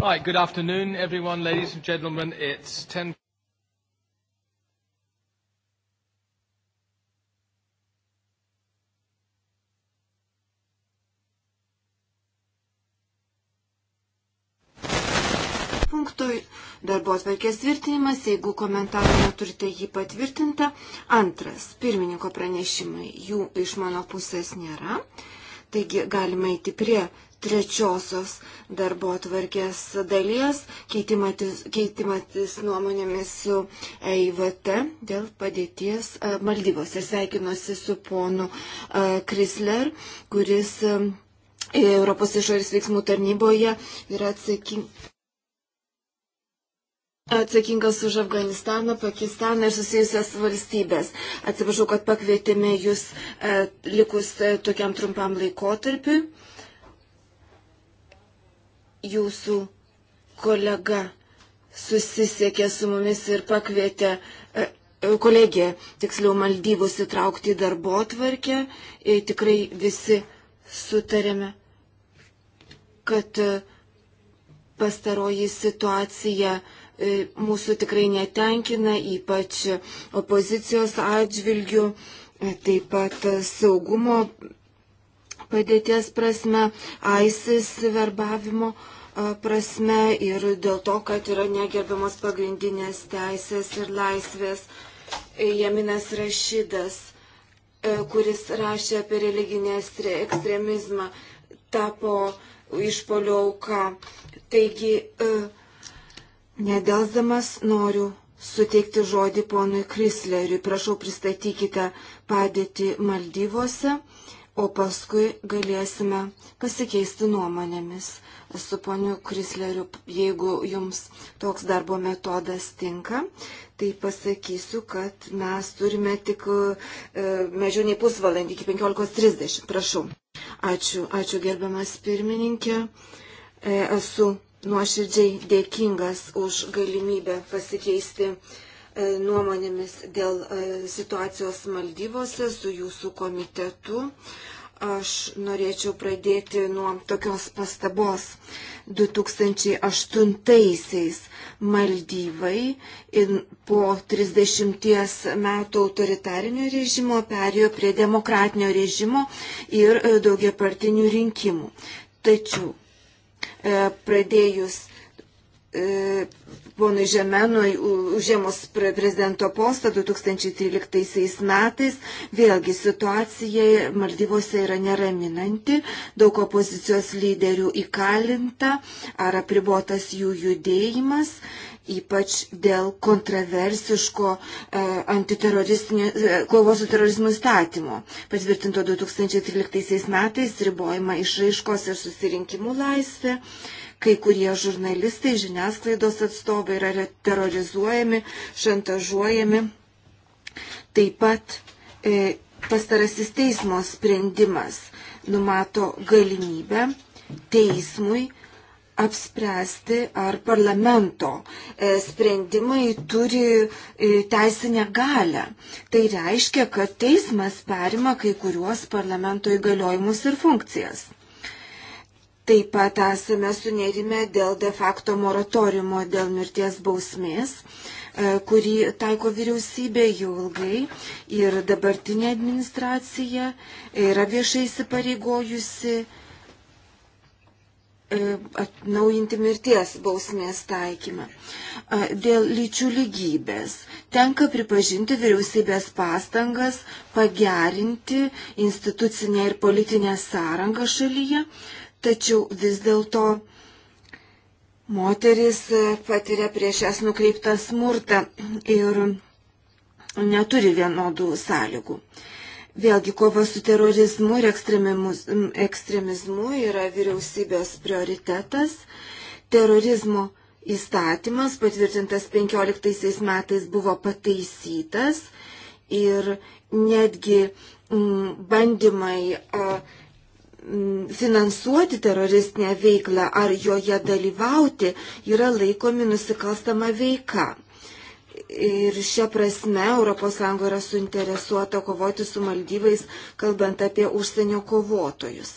Right, good afternoon, everyone, ladies and gentlemen. It's 10. Punktui darbos varkės tvirtinimas, jeigu komentarų neturite jį patvirtinta. Antras, pirmininko pranešimai, jų iš mano pusės nėra. Taigi galime eiti prie trečiosios darbo atvarkės dalies keitimatis, keitimatis nuomonėmis su EIVT dėl padėties e, Maldyvose. Sveikinuosi su ponu Krisler, e, kuris e, Europos išorės veiksmų tarnyboje yra atsaking... atsakingas už Afganistaną, Pakistaną ir susijusias valstybės. Atsiprašau, kad pakvietėme jūs likus tokiam trumpam laikotarpiu jūsų kolega susisiekė su mumis ir pakvietė e, e, kolegė, tiksliau Maldyvus įtraukti į darbo atvarkę. E, tikrai visi sutarėme, kad pastaroji situacija mūsų tikrai netenkina, ypač opozicijos atžvilgių, taip pat saugumo padėties prasme, ISIS verbavimo prasme ir dėl to, kad yra negerbiamos pagrindinės teisės ir laisvės. Jaminas Rašydas, kuris rašė apie religinę ekstremizmą, tapo išpolio auka. Taigi, nedelsdamas noriu suteikti žodį ponui Krisleriui. Prašau, pristatykite padėtį Maldyvose o paskui galėsime pasikeisti nuomonėmis su poniu Krisleriu. Jeigu jums toks darbo metodas tinka, tai pasakysiu, kad mes turime tik e, mažiau nei pusvalandį iki 15.30. Prašau. Ačiū, ačiū gerbiamas pirmininkė. E, esu nuoširdžiai dėkingas už galimybę pasikeisti E, nuomonėmis dėl e, situacijos Maldyvose su jūsų komitetu. Aš norėčiau pradėti nuo tokios pastabos. 2008-aisiais Maldyvai po 30 metų autoritarinio režimo perėjo prie demokratinio režimo ir e, daugiapartinių rinkimų. Tačiau pradėjus ponui Žemenui užėmus prezidento postą 2013 metais. Vėlgi situacija Maldyvose yra neraminanti, daug opozicijos lyderių įkalinta ar apribotas jų judėjimas ypač dėl kontraversiško e, e, kovos su terorizmu statymo, patvirtinto 2013 metais ribojama išraiškos ir susirinkimų laisvė. E, Kai kurie žurnalistai, žiniasklaidos atstovai yra terrorizuojami, šantažuojami. Taip pat e, pastarasis teismo sprendimas numato galimybę teismui apspręsti, ar parlamento e, sprendimai turi e, teisinę galę. Tai reiškia, kad teismas perima kai kuriuos parlamento įgaliojimus ir funkcijas. Taip pat esame sunerime dėl de facto moratoriumo dėl mirties bausmės, e, kurį taiko vyriausybė jau ilgai ir dabartinė administracija yra viešai įsipareigojusi e, atnaujinti mirties bausmės taikymą. E, dėl lyčių lygybės tenka pripažinti vyriausybės pastangas pagerinti institucinę ir politinę sąrangą šalyje, tačiau vis dėlto moteris patiria prieš jas nukreiptą smurtą ir neturi vienodų sąlygų. Vėlgi, kova su terorizmu ir ekstremizmu yra vyriausybės prioritetas. Terorizmo įstatymas, patvirtintas 15 metais, buvo pataisytas ir netgi mm, bandymai. Uh, Mm, finansuoti teroristinę veiklą ar joje dalyvauti yra laikomi nusikalstama veika. Ir šią prasme ES yra suinteresuota kovoti su Maldyvais, kalbant apie užsienio kovotojus.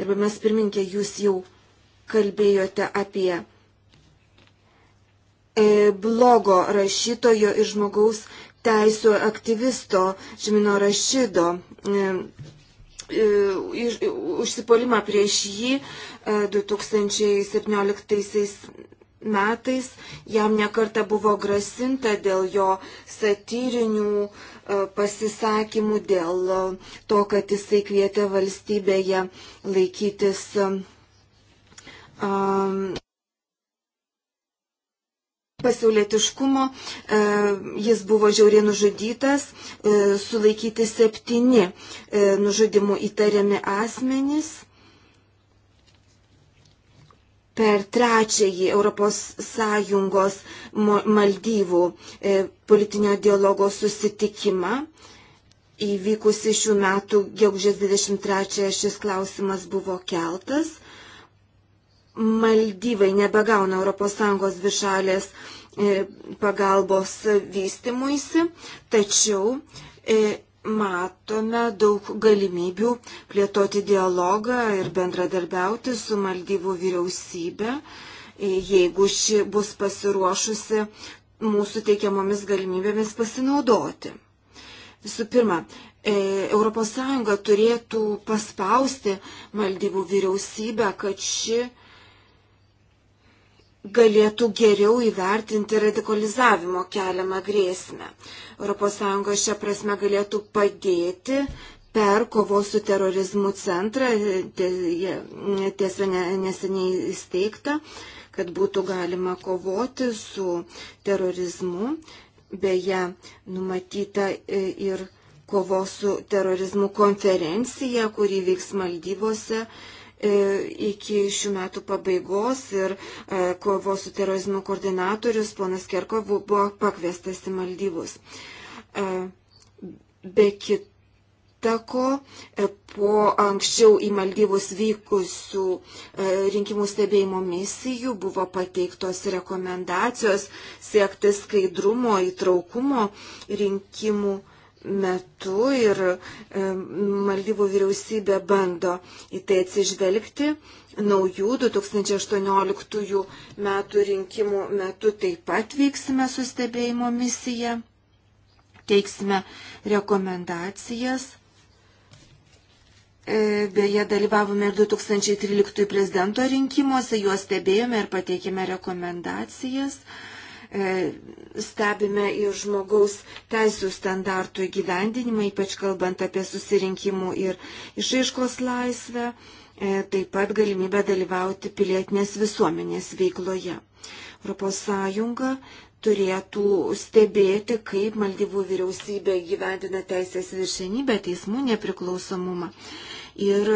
Ir mes pirminkė, jūs jau kalbėjote apie e, blogo rašytojo ir žmogaus teisų aktyvisto Žemino Rašydo e, užsipolimą prieš jį 2017 e, metais jam nekarta buvo grasinta dėl jo satyrinių e, pasisakymų, dėl to, kad jisai kvietė valstybėje laikytis um, pasiaulietiškumo e, jis buvo žiauriai nužudytas, e, sulaikyti septyni e, nužudimų įtariami asmenys. Per trečiąjį ES Maldyvų politinio dialogo susitikimą įvykusi šių metų gegužės 23 šis klausimas buvo keltas Maldyvai nebegauna ES višalės e, pagalbos vystimuisi, tačiau e, matome daug galimybių plėtoti dialogą ir bendradarbiauti su Maldyvų vyriausybė, e, jeigu ši bus pasiruošusi mūsų teikiamomis galimybėmis pasinaudoti. Visų pirma, ES turėtų paspausti Maldyvų vyriausybę, kad ši galėtų geriau įvertinti radikalizavimo keliamą grėsmę. ES šią prasme galėtų padėti per kovos su terorizmu centrą, tiesa neseniai įsteigtą, kad būtų galima kovoti su terorizmu. Beje, numatyta e, ir kovos su terorizmu konferencija, kuri vyks Maldyvose E, iki šių metų pabaigos ir e, kovos su terorizmu koordinatorius ponas Kerkov buvo pakviestas į Maldyvus. E, be kitako, po anksčiau į Maldyvus vykusių rinkimų stebėjimo misijų buvo pateiktos rekomendacijos siekti skaidrumo, įtraukumo rinkimų metu ir e, Maldyvų vyriausybė bando į tai atsižvelgti. Naujų 2018 metų rinkimų metu taip pat vyksime su stebėjimo misija, teiksime rekomendacijas. E, beje, dalyvavome ir 2013 prezidento rinkimuose, juos stebėjome ir pateikėme rekomendacijas. E, stebime ir žmogaus teisų standartų įgyvendinimą, ypač kalbant apie susirinkimų ir išaiškos laisvę, e, taip pat galimybę dalyvauti pilietinės visuomenės veikloje. ES turėtų stebėti, kaip Maldivų vyriausybė gyvendina teisės viršenybę, teismų nepriklausomumą ir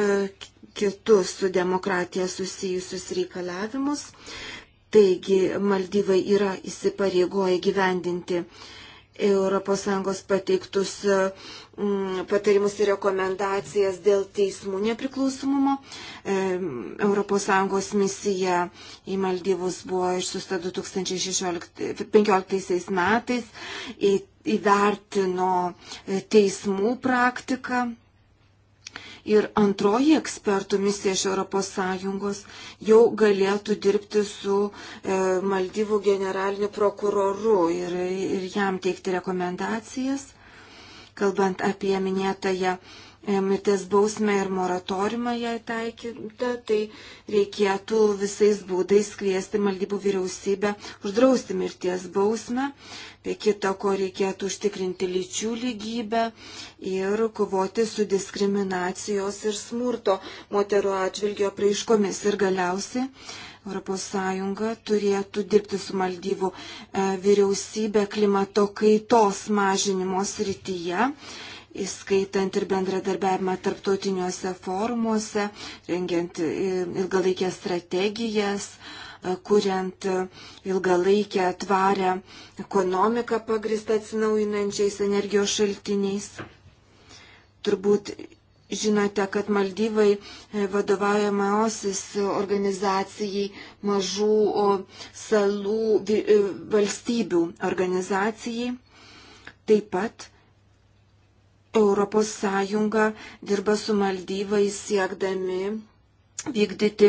kitus su demokratija susijusius reikalavimus. Taigi Maldyvai yra įsipareigoję gyvendinti ES pateiktus mm, patarimus ir rekomendacijas dėl teismų nepriklausomumo. ES misija į Maldyvus buvo išsiusta 2015 metais, įvertino teismų praktiką Ir antroji ekspertų misija iš ES jau galėtų dirbti su e, Maldyvų generaliniu prokuroru ir, ir jam teikti rekomendacijas, kalbant apie minėtąją E, mirties bausmę ir moratoriumą jai taikyta, tai reikėtų visais būdais kviesti Maldybų vyriausybę uždrausti mirties bausmę, be kita ko reikėtų užtikrinti lyčių lygybę ir kovoti su diskriminacijos ir smurto moterų atžvilgio praiškomis ir galiausiai. ES turėtų dirbti su Maldyvų e, vyriausybė klimato kaitos mažinimo srityje įskaitant ir bendradarbiavimą tarptautiniuose forumuose, rengiant ilgalaikės strategijas, e, kuriant e, ilgalaikę tvarę ekonomiką pagristą atsinaujinančiais energijos šaltiniais. Turbūt žinote, kad Maldyvai e, vadovaujamaosis organizacijai mažų salų valstybių organizacijai. Taip pat Europos Sąjunga dirba su Maldyvai siekdami vykdyti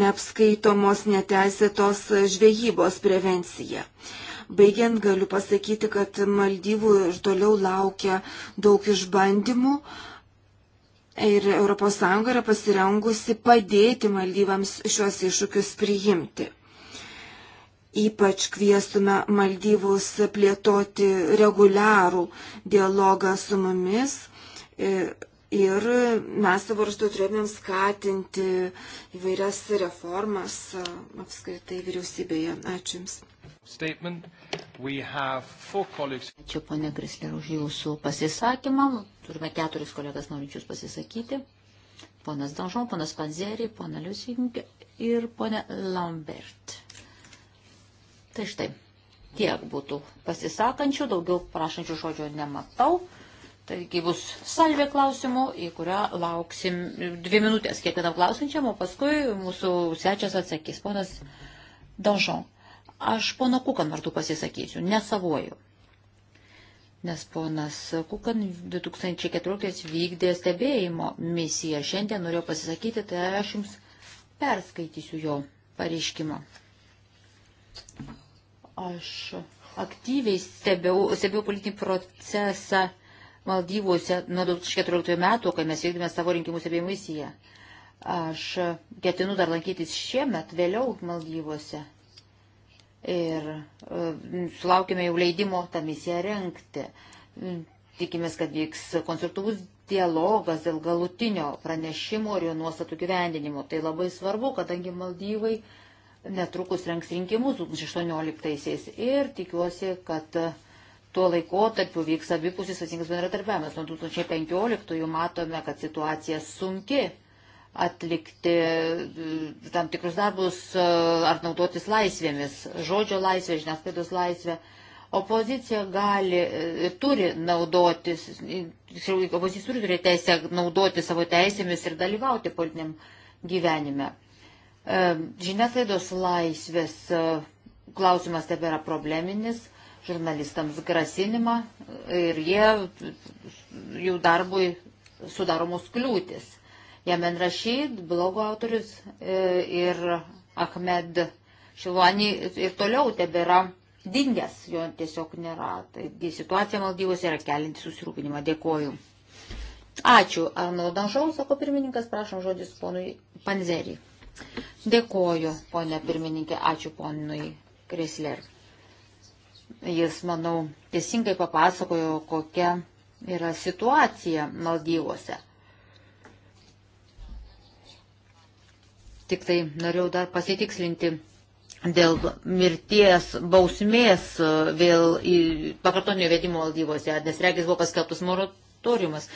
neapskaitomos neteisėtos žvejybos prevenciją. Baigiant galiu pasakyti, kad Maldyvų ir toliau laukia daug išbandymų ir ES yra pasirengusi padėti Maldyvams šiuos iššūkius priimti. Ypač kviestume Maldyvus plėtoti reguliarų dialogą su mumis e, ir mes savo raštu turėtumėm skatinti įvairias reformas e, apskritai vyriausybėje. Ačiū Jums. Ačiū, ponė Krisler, už Jūsų pasisakymą. Turime keturis kolegas norinčius pasisakyti. Ponas Danžon, ponas Panzerį, ponas Liusinkė ir ponė Lambert. Tai štai, tiek būtų pasisakančių, daugiau prašančių žodžio nematau. Taigi bus salvė klausimų, į kurią lauksim dvi minutės kiekvienam klausančiam, o paskui mūsų svečias atsakys. Ponas Donžon, aš pono Kukan vardu pasisakysiu, nesavoju. Nes ponas Kukan 2014 vykdė stebėjimo misiją. Šiandien norėjau pasisakyti, tai aš jums perskaitysiu jo pareiškimą. Aš aktyviai stebėjau, stebėjau politinį procesą Maldyvuose nuo 2014 metų, kai mes vykdėme savo rinkimų stebėjimo misiją. Aš ketinu dar lankytis šiemet vėliau Maldyvuose. Ir e, sulaukime jau leidimo tą misiją renkti. Tikimės, kad vyks konstruktyvus dialogas dėl galutinio pranešimo ir jo nuostatų gyvendinimo. Tai labai svarbu, kadangi Maldyvai netrukus renks rinkimus 2018-aisiais ir tikiuosi, kad tuo laikotarpiu vyks abipusis atsingas bendradarbiavimas. Nuo 2015-ųjų matome, kad situacija sunki atlikti e, tam tikrus darbus e, ar naudotis laisvėmis, žodžio laisvė, žiniasklaidos laisvė. Opozicija gali, e, turi naudotis, opozicija turi turėti teisę naudoti savo teisėmis ir dalyvauti politiniam gyvenime. Žiniasklaidos laisvės e, klausimas tebėra probleminis, žurnalistams grasinima e, ir jie, jų darbui sudaromos kliūtis. Jamen Rašyd, blogo autorius e, ir Ahmed Šilvani ir toliau tebėra dingęs, jo tiesiog nėra. Taigi situacija Maldyvose yra kelinti susirūpinimą. Dėkoju. Ačiū. Arnaudanžau, sako pirmininkas, prašom žodis ponui Panzerį. Dėkoju, ponė pirmininkė, ačiū ponui Krisler. Jis, manau, teisingai papasakojo, kokia yra situacija Maldyvose. Tik tai norėjau dar pasitikslinti dėl mirties bausmės vėl į pakartonio vedimo valdyvose, nes regis buvo paskelbtas moratoriumas.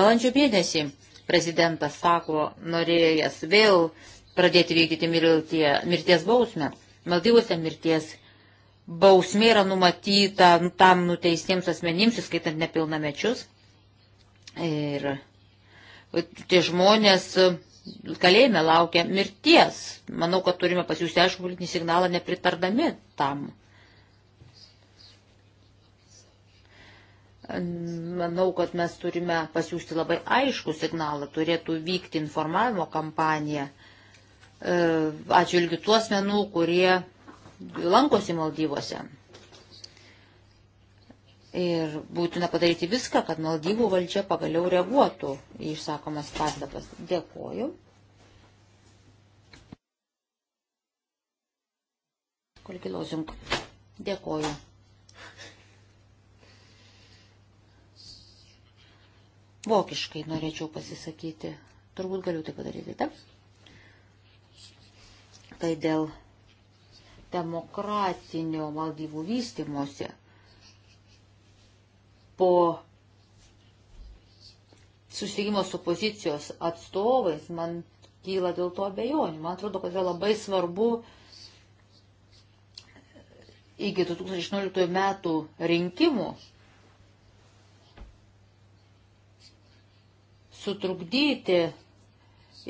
Balandžio mėnesį prezidentas sako, norėjęs vėl pradėti vykdyti mirtie, mirties bausmę. Maldyvose mirties bausmė yra numatyta tam nuteistiems asmenims, įskaitant nepilnamečius. Ir tie žmonės kalėjime laukia mirties. Manau, kad turime pasiūsti aišku politinį signalą nepritardami tam. Manau, kad mes turime pasiūsti labai aišku signalą, turėtų vykti informavimo kampanija E, atžvilgių tuos asmenų, kurie lankosi Maldyvose. Ir būtina padaryti viską, kad Maldyvų valdžia pagaliau reaguotų į išsakomas pastabas. Dėkoju. Kolegi Lozink, dėkoju. Vokiškai norėčiau pasisakyti. Turbūt galiu tai padaryti, taip? Tai dėl demokratinio Maldyvų vystimuose po susitikimo su pozicijos atstovais man kyla dėl to abejonių. Man atrodo, kad yra labai svarbu iki 2016 metų rinkimų sutrukdyti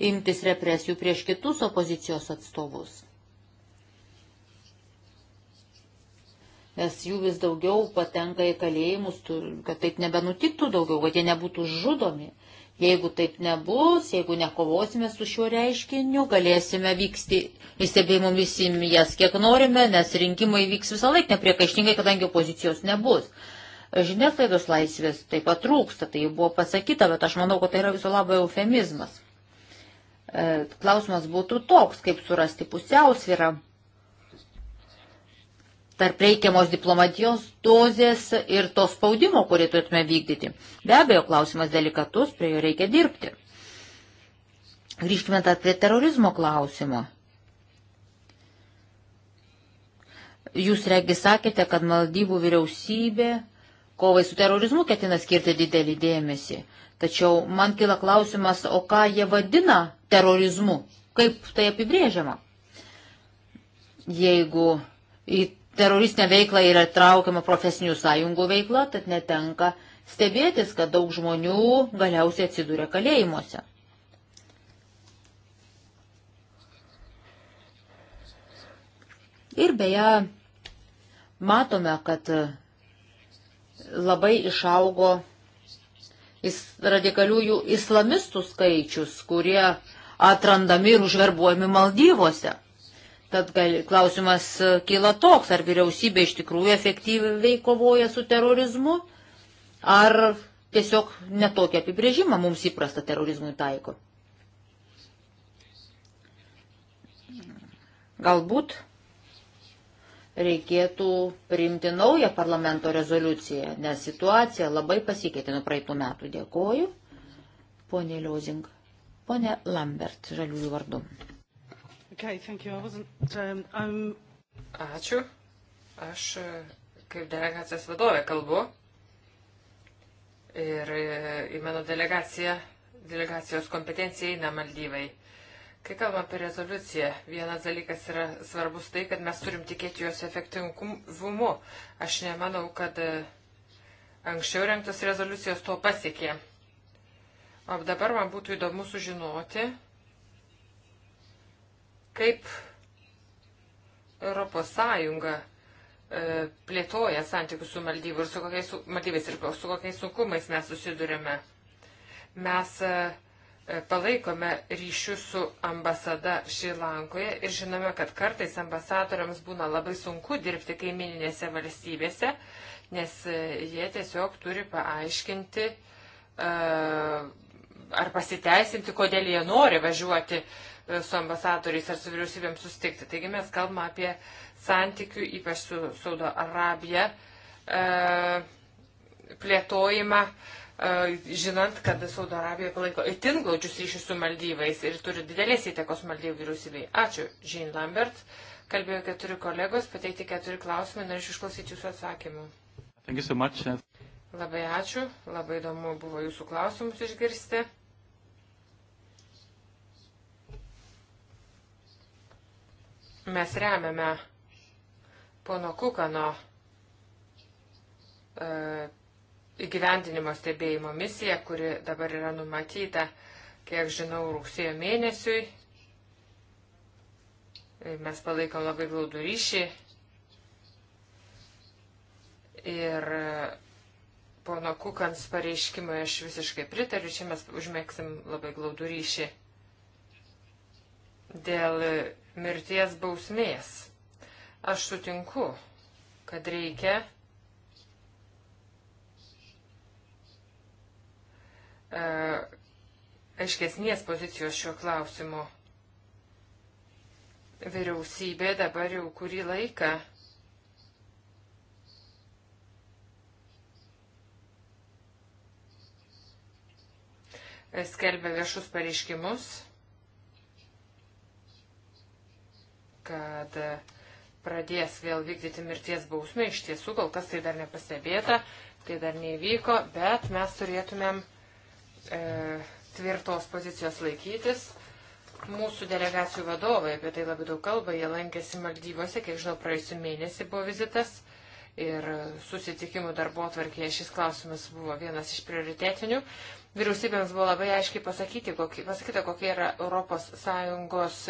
imtis represijų prieš kitus opozicijos atstovus. Nes jų vis daugiau patenka į kalėjimus, kad taip nebenutiktų daugiau, kad jie nebūtų žudomi. Jeigu taip nebus, jeigu nekovosime su šiuo reiškiniu, galėsime vykti į stebėjimų misiją, kiek norime, nes rinkimai vyks visą laiką nepriekaištingai, kadangi opozicijos nebus. Žiniasklaidos laisvės taip pat trūksta, tai buvo pasakyta, bet aš manau, kad tai yra viso labo eufemizmas. E, klausimas būtų toks, kaip surasti pusiausvyrą tarp reikiamos diplomatijos dozės ir to spaudimo, kurį turėtume vykdyti. Be abejo, klausimas delikatus, prie jo reikia dirbti. Grįžkime dar prie terorizmo klausimo. Jūs regi sakėte, kad Maldyvų vyriausybė kovai su terorizmu ketina skirti didelį dėmesį. Tačiau man kila klausimas, o ką jie vadina terorizmu? Kaip tai apibrėžiama? Jeigu į teroristinę veiklą yra traukiama profesinių sąjungų veikla, tad netenka stebėtis, kad daug žmonių galiausiai atsiduria kalėjimuose. Ir beje, matome, kad labai išaugo radikaliųjų islamistų skaičius, kurie atrandami ir užverbuojami Maldyvose. Tad gali, klausimas e, kyla toks, ar vyriausybė iš tikrųjų efektyviai kovoja su terorizmu, ar tiesiog netokia apibrėžimą mums įprasta terorizmui taiko. Galbūt reikėtų priimti naują parlamento rezoliuciją, nes situacija labai pasikeitė nuo praeitų metų. Dėkoju. Pone Liozing. Pone Lambert, žaliųjų vardu. Okay, um, I'm... Ačiū. Aš e, kaip delegacijos vadovė kalbu. Ir e, į mano delegaciją, delegacijos kompetenciją eina Maldyvai. Kai kalbam apie rezoliuciją, vienas dalykas yra svarbus tai, kad mes turim tikėti jos efektyvumu. Aš nemanau, kad e, anksčiau renktas rezoliucijos to pasiekė. O dabar man būtų įdomu sužinoti, kaip Europos Sąjunga e, plėtoja santykius su Maldyvu ir su kokiais, Maldyvais ir su kokiais sunkumais mes susidurėme. Mes uh, E, palaikome ryšius su ambasada Šilankoje ir žinome, kad kartais ambasadoriams būna labai sunku dirbti kaimininėse valstybėse, nes e, jie tiesiog turi paaiškinti e, ar pasiteisinti, kodėl jie nori važiuoti su ambasadoriais ar su vyriausybėm sustikti. Taigi mes kalbame apie santykių, ypač su Saudo Arabija, plėtojimą žinant, kad Saudo Arabija palaiko itin glaudžius ryšius su Maldyvais ir turi didelės įtakos Maldyvų vyriausybei. Ačiū, Žin Lambert. Kalbėjo keturi kolegos, pateikti keturi klausimai, norėčiau išklausyti jūsų atsakymų. So much. Uh, labai ačiū, labai įdomu buvo jūsų klausimus išgirsti. Mes remiame pono Kukano. Uh, e, įgyvendinimo stebėjimo misija, kuri dabar yra numatyta, kiek žinau, rugsėjo mėnesiui. Mes palaikom labai glaudų ryšį. Ir e, pono Kukans pareiškimui aš visiškai pritariu, čia mes užmėgsim labai glaudų ryšį dėl e, mirties bausmės. Aš sutinku, kad reikia E, aiškesnės pozicijos šiuo klausimu. Vyriausybė dabar jau kurį laiką skelbia viešus pareiškimus, kad pradės vėl vykdyti mirties bausmę. Iš tiesų, kol kas tai dar nepastebėta, tai dar nevyko, bet mes turėtumėm e, tvirtos pozicijos laikytis. Mūsų delegacijų vadovai apie tai labai daug kalba, jie lankėsi Maldyvose, kiek žinau, praėjusiu mėnesį buvo vizitas ir susitikimų darbo atvarkėje šis klausimas buvo vienas iš prioritetinių. Vyriausybėms buvo labai aiškiai pasakyti, kokie, pasakyta, kokie yra ES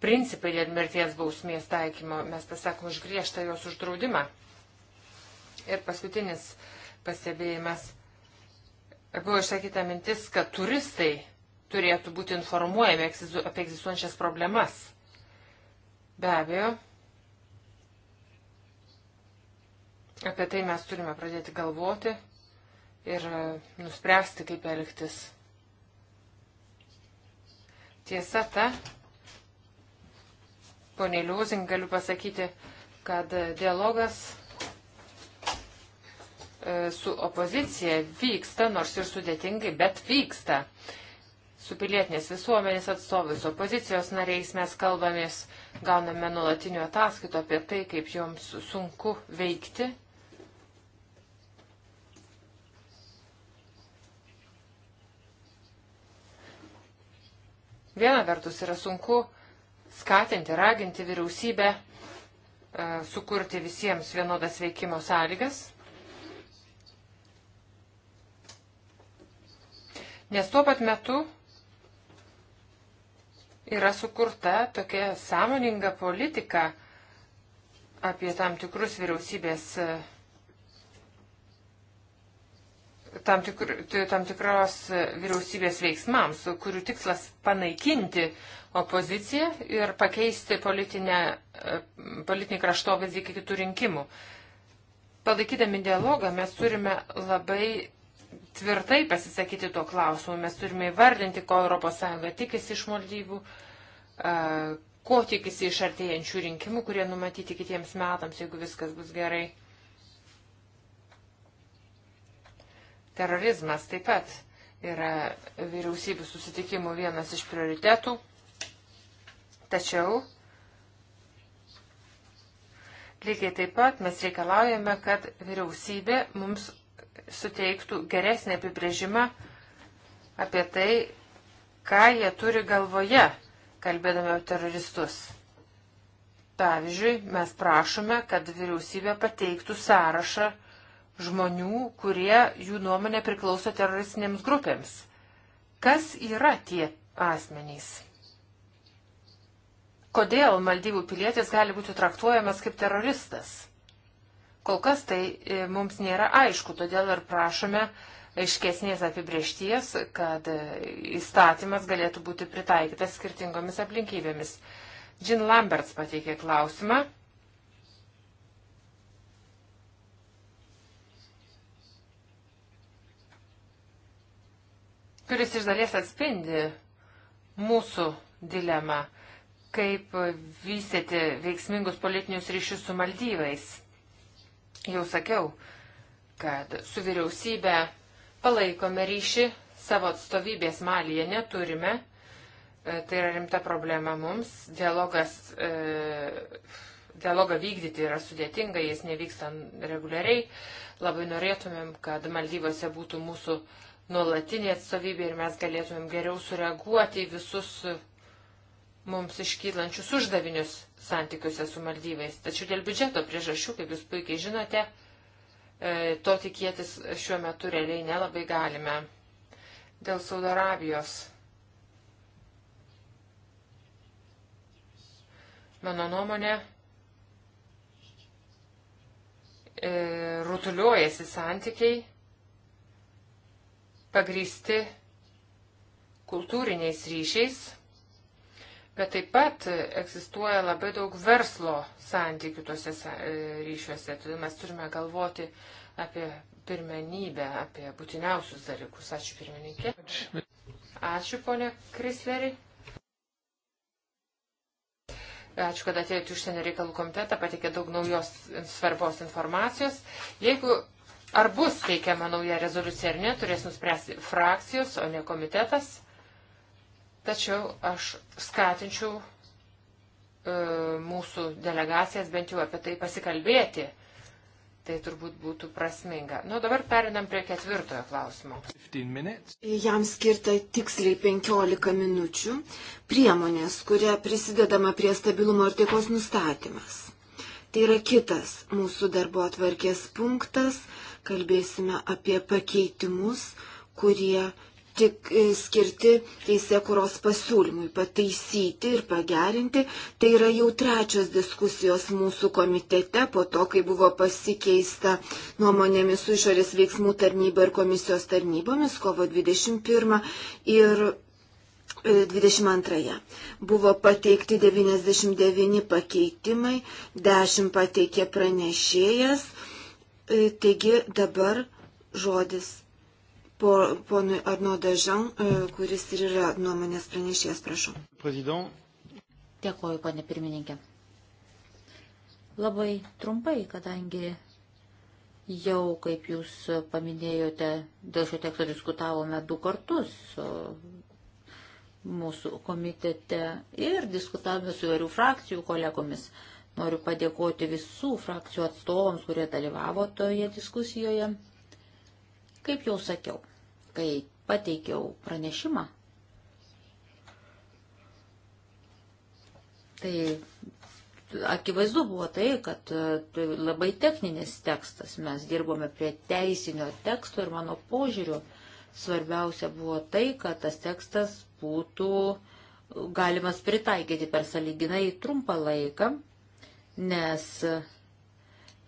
principai dėl mirties bausmės taikymo. Mes pasakom už griežtą jos uždraudimą. Ir paskutinis pastebėjimas Buvo išsakyta mintis, kad turistai turėtų būti informuojami apie egzistuojančias problemas. Be abejo, apie tai mes turime pradėti galvoti ir e, nuspręsti, kaip elgtis. Tiesa ta, poniai Liūzing, galiu pasakyti, kad dialogas E, su opozicija vyksta, nors ir sudėtingai, bet vyksta. Su pilietinės visuomenės atstovais, opozicijos nariais mes kalbamės, gauname nuolatinių ataskaitų apie tai, kaip joms sunku veikti. Viena vertus yra sunku skatinti, raginti vyriausybę, e, sukurti visiems vienodas veikimo sąlygas, Nes tuo pat metu yra sukurta tokia sąmoninga politika apie tam tikrus vyriausybės, e, tam, tikr, tam tikros e, vyriausybės veiksmams, kurių tikslas panaikinti opoziciją ir pakeisti politinę, e, politinį kraštovaizdį iki kitų rinkimų. Palaikydami dialogą mes turime labai tvirtai pasisakyti tuo klausimu. Mes turime įvardinti, ko ES tikisi iš Maldyvų, ko tikisi iš artėjančių rinkimų, kurie numatyti kitiems metams, jeigu viskas bus gerai. Terorizmas taip pat yra vyriausybių susitikimų vienas iš prioritetų. Tačiau lygiai taip pat mes reikalaujame, kad vyriausybė mums suteiktų geresnį apibrėžimą apie tai, ką jie turi galvoje, kalbėdami apie teroristus. Pavyzdžiui, mes prašome, kad vyriausybė pateiktų sąrašą žmonių, kurie jų nuomonė priklauso teroristinėms grupėms. Kas yra tie asmenys? Kodėl Maldyvų pilietis gali būti traktuojamas kaip teroristas? Kol kas tai e, mums nėra aišku, todėl ir prašome aiškesnės apibriešties, kad e, įstatymas galėtų būti pritaikytas skirtingomis aplinkybėmis. Jean Lamberts pateikė klausimą. kuris iš dalies atspindi mūsų dilemą, kaip vystyti veiksmingus politinius ryšius su Maldyvais. Jau sakiau, kad su vyriausybė palaikome ryšį, savo atstovybės malyje neturime. E, tai yra rimta problema mums. Dialogas, e, dialogą vykdyti yra sudėtinga, jis nevyksta reguliariai. Labai norėtumėm, kad Maldyvose būtų mūsų nuolatinė atstovybė ir mes galėtumėm geriau sureaguoti į visus mums iškylančius uždavinius santykiuose su Maldyvais. Tačiau dėl biudžeto priežasčių, kaip jūs puikiai žinote, e, to tikėtis šiuo metu realiai nelabai galime. Dėl Saudarabijos. Mano nuomonė, e, rutuliuojasi santykiai, pagrysti kultūriniais ryšiais bet taip pat egzistuoja labai daug verslo santykių tuose e, ryšiuose. Todėl mes turime galvoti apie pirmenybę, apie būtiniausius dalykus. Ačiū pirmininkė. Ačiū ponė Krisleri. Ačiū, kad atėjote užsienio reikalų komitetą, patikė daug naujos svarbos informacijos. Jeigu ar bus teikiama nauja rezoliucija ar ne, turės nuspręsti frakcijos, o ne komitetas. Tačiau aš skatinčiau e, mūsų delegacijas bent jau apie tai pasikalbėti. Tai turbūt būtų prasminga. Nu, dabar perinam prie ketvirtojo klausimo. Jam skirta tiksliai 15 minučių priemonės, kuria prisidedama prie stabilumo ir taikos nustatymas. Tai yra kitas mūsų darbo atvarkės punktas. Kalbėsime apie pakeitimus, kurie tik e, skirti teisėkuros pasiūlymui pataisyti ir pagerinti. Tai yra jau trečios diskusijos mūsų komitete po to, kai buvo pasikeista nuomonėmis su išorės veiksmų tarnyba ir komisijos tarnybomis kovo 21 ir 22. E, buvo pateikti 99 pakeitimai, 10 pateikė pranešėjas, e, taigi dabar žodis ponui Arno Dažan, e, kuris ir yra nuomonės pranešėjas, prašau. Prezident. Dėkuoju, ponė pirmininkė. Labai trumpai, kadangi jau, kaip jūs paminėjote, dėl šio teksto diskutavome du kartus mūsų komitete ir diskutavome su įvairių frakcijų kolegomis. Noriu padėkoti visų frakcijų atstovams, kurie dalyvavo toje diskusijoje. Kaip jau sakiau, kai pateikiau pranešimą, tai akivaizdu buvo tai, kad e, tai labai techninis tekstas, mes dirbome prie teisinio teksto ir mano požiūriu svarbiausia buvo tai, kad tas tekstas būtų galimas pritaikyti per saliginai trumpą laiką, nes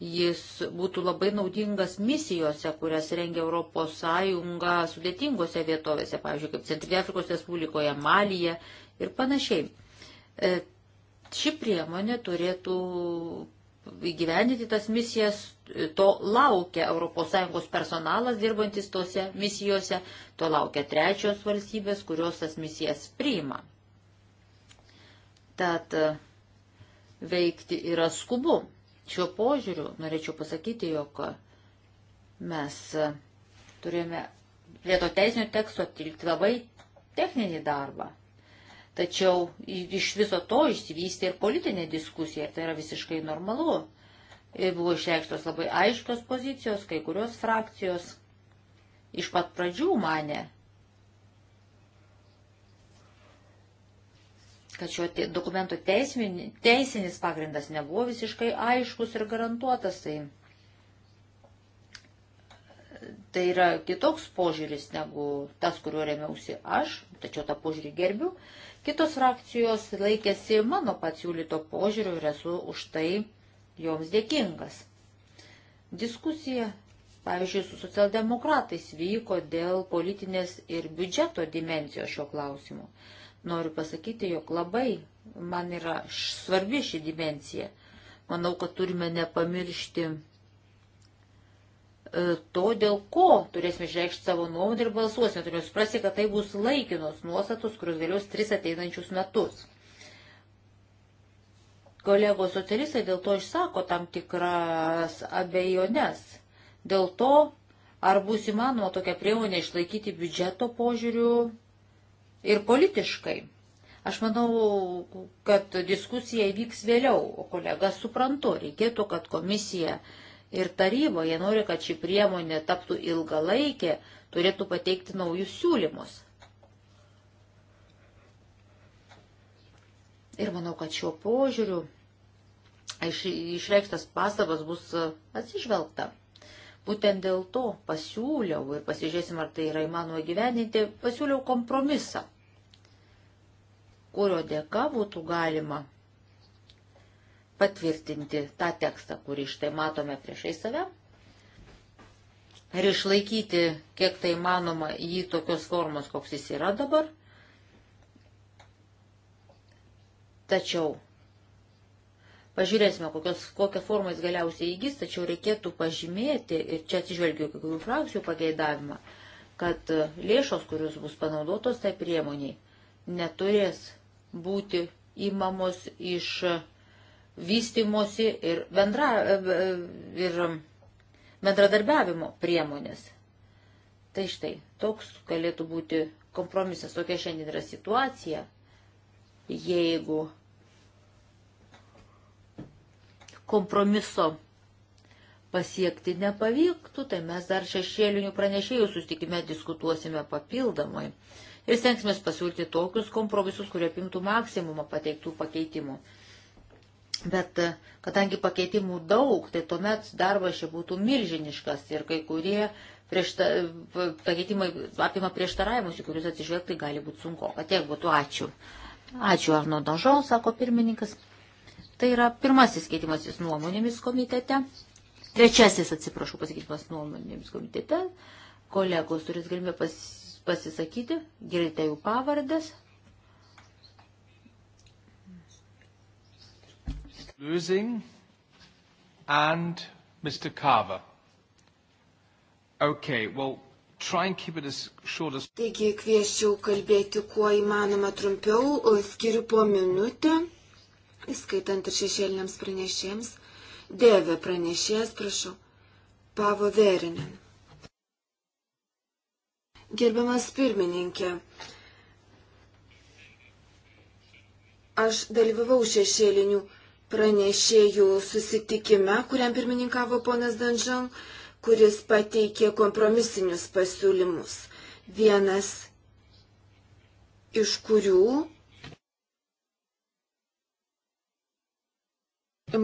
Jis būtų labai naudingas misijose, kurias rengia ES sudėtingose vietovėse, pavyzdžiui, kaip Centrinė Afrikos Respublikoje, Malyje ir panašiai. E, ši priemonė turėtų įgyvendyti tas misijas, e, to laukia ES personalas dirbantis tose misijose, to laukia trečios valstybės, kurios tas misijas priima. Tad e, veikti yra skubu. Šiuo požiūriu norėčiau pasakyti, jog mes turėjome prie to teisinio teksto atlikti labai techninį darbą. Tačiau iš viso to išsivystė ir politinė diskusija, ir tai yra visiškai normalu. Ir buvo išreikštos labai aiškios pozicijos, kai kurios frakcijos iš pat pradžių mane, kad šio dokumento teismin, teisinis pagrindas nebuvo visiškai aiškus ir garantuotas. Tai, tai yra kitoks požiūris negu tas, kuriuo remiausi aš, tačiau tą požiūrį gerbiu. Kitos frakcijos laikėsi mano pasiūlyto požiūrio ir esu už tai joms dėkingas. Diskusija, pavyzdžiui, su socialdemokratais vyko dėl politinės ir biudžeto dimensijos šio klausimu. Noriu pasakyti, jog labai man yra svarbi ši dimencija. Manau, kad turime nepamiršti e, to, dėl ko turėsime išreikšti savo nuomonę ir balsuosime. Turime suprasti, kad tai bus laikinos nuostatos, kurios galios tris ateinančius metus. Kolegos socialistai dėl to išsako tam tikras abejones. Dėl to, ar bus įmanoma tokią priemonę išlaikyti biudžeto požiūrių ir politiškai. Aš manau, kad diskusija įvyks vėliau, o kolega suprantu, reikėtų, kad komisija ir taryba, jie nori, kad ši priemonė taptų ilgalaikė, turėtų pateikti naujus siūlymus. Ir manau, kad šiuo požiūriu iš, išreikštas pastabas bus atsižvelgta. Būtent dėl to pasiūliau ir pasižiūrėsim, ar tai yra įmanoma gyveninti, pasiūliau kompromisą kurio dėka būtų galima patvirtinti tą tekstą, kurį štai matome priešai save ir išlaikyti, kiek tai manoma, jį tokios formos, koks jis yra dabar. Tačiau pažiūrėsime, kokios, kokią formą jis galiausiai įgys, tačiau reikėtų pažymėti, ir čia atsižvelgiu kiekvienų frakcijų pageidavimą, kad lėšos, kurios bus panaudotos tai priemoniai, neturės būti įmamos iš vystimosi ir, bendra, ir bendradarbiavimo priemonės. Tai štai, toks galėtų būti kompromisas, tokia šiandien yra situacija, jeigu kompromiso pasiekti nepavyktų, tai mes dar šešėlinių pranešėjų sustikime diskutuosime papildomai. Uh, ir stengsime pasiūlyti tokius kompromisus, kurie apimtų maksimumą pateiktų pakeitimų. Bet e, kadangi pakeitimų daug, tai tuomet darbas čia būtų milžiniškas ir kai kurie priešta, e, pakeitimai apima prieštaravimus, į kuriuos atsižvelgti gali būti sunku. Kad tiek būtų ačiū. Ačiū Arno Dažo, sako pirmininkas. Tai yra pirmasis keitimasis nuomonėmis komitete. Trečiasis, atsiprašau, pasikeitimas nuomonėmis komitete. Kolegos turės galimybę pasisakyti pasisakyti, girdite jų pavardės. Losing and Mr. Carver. Okay, well, try and keep it as short as... Taigi kvieščiau kalbėti kuo įmanoma trumpiau, skiriu po minutę, įskaitant ir šešėliniams pranešėjams. Dėvė pranešėjas, prašau, Pavo Verinen. Gerbiamas pirmininkė, aš dalyvavau šešėlinių pranešėjų susitikime, kuriam pirmininkavo ponas Danžan, kuris pateikė kompromisinius pasiūlymus. Vienas iš kurių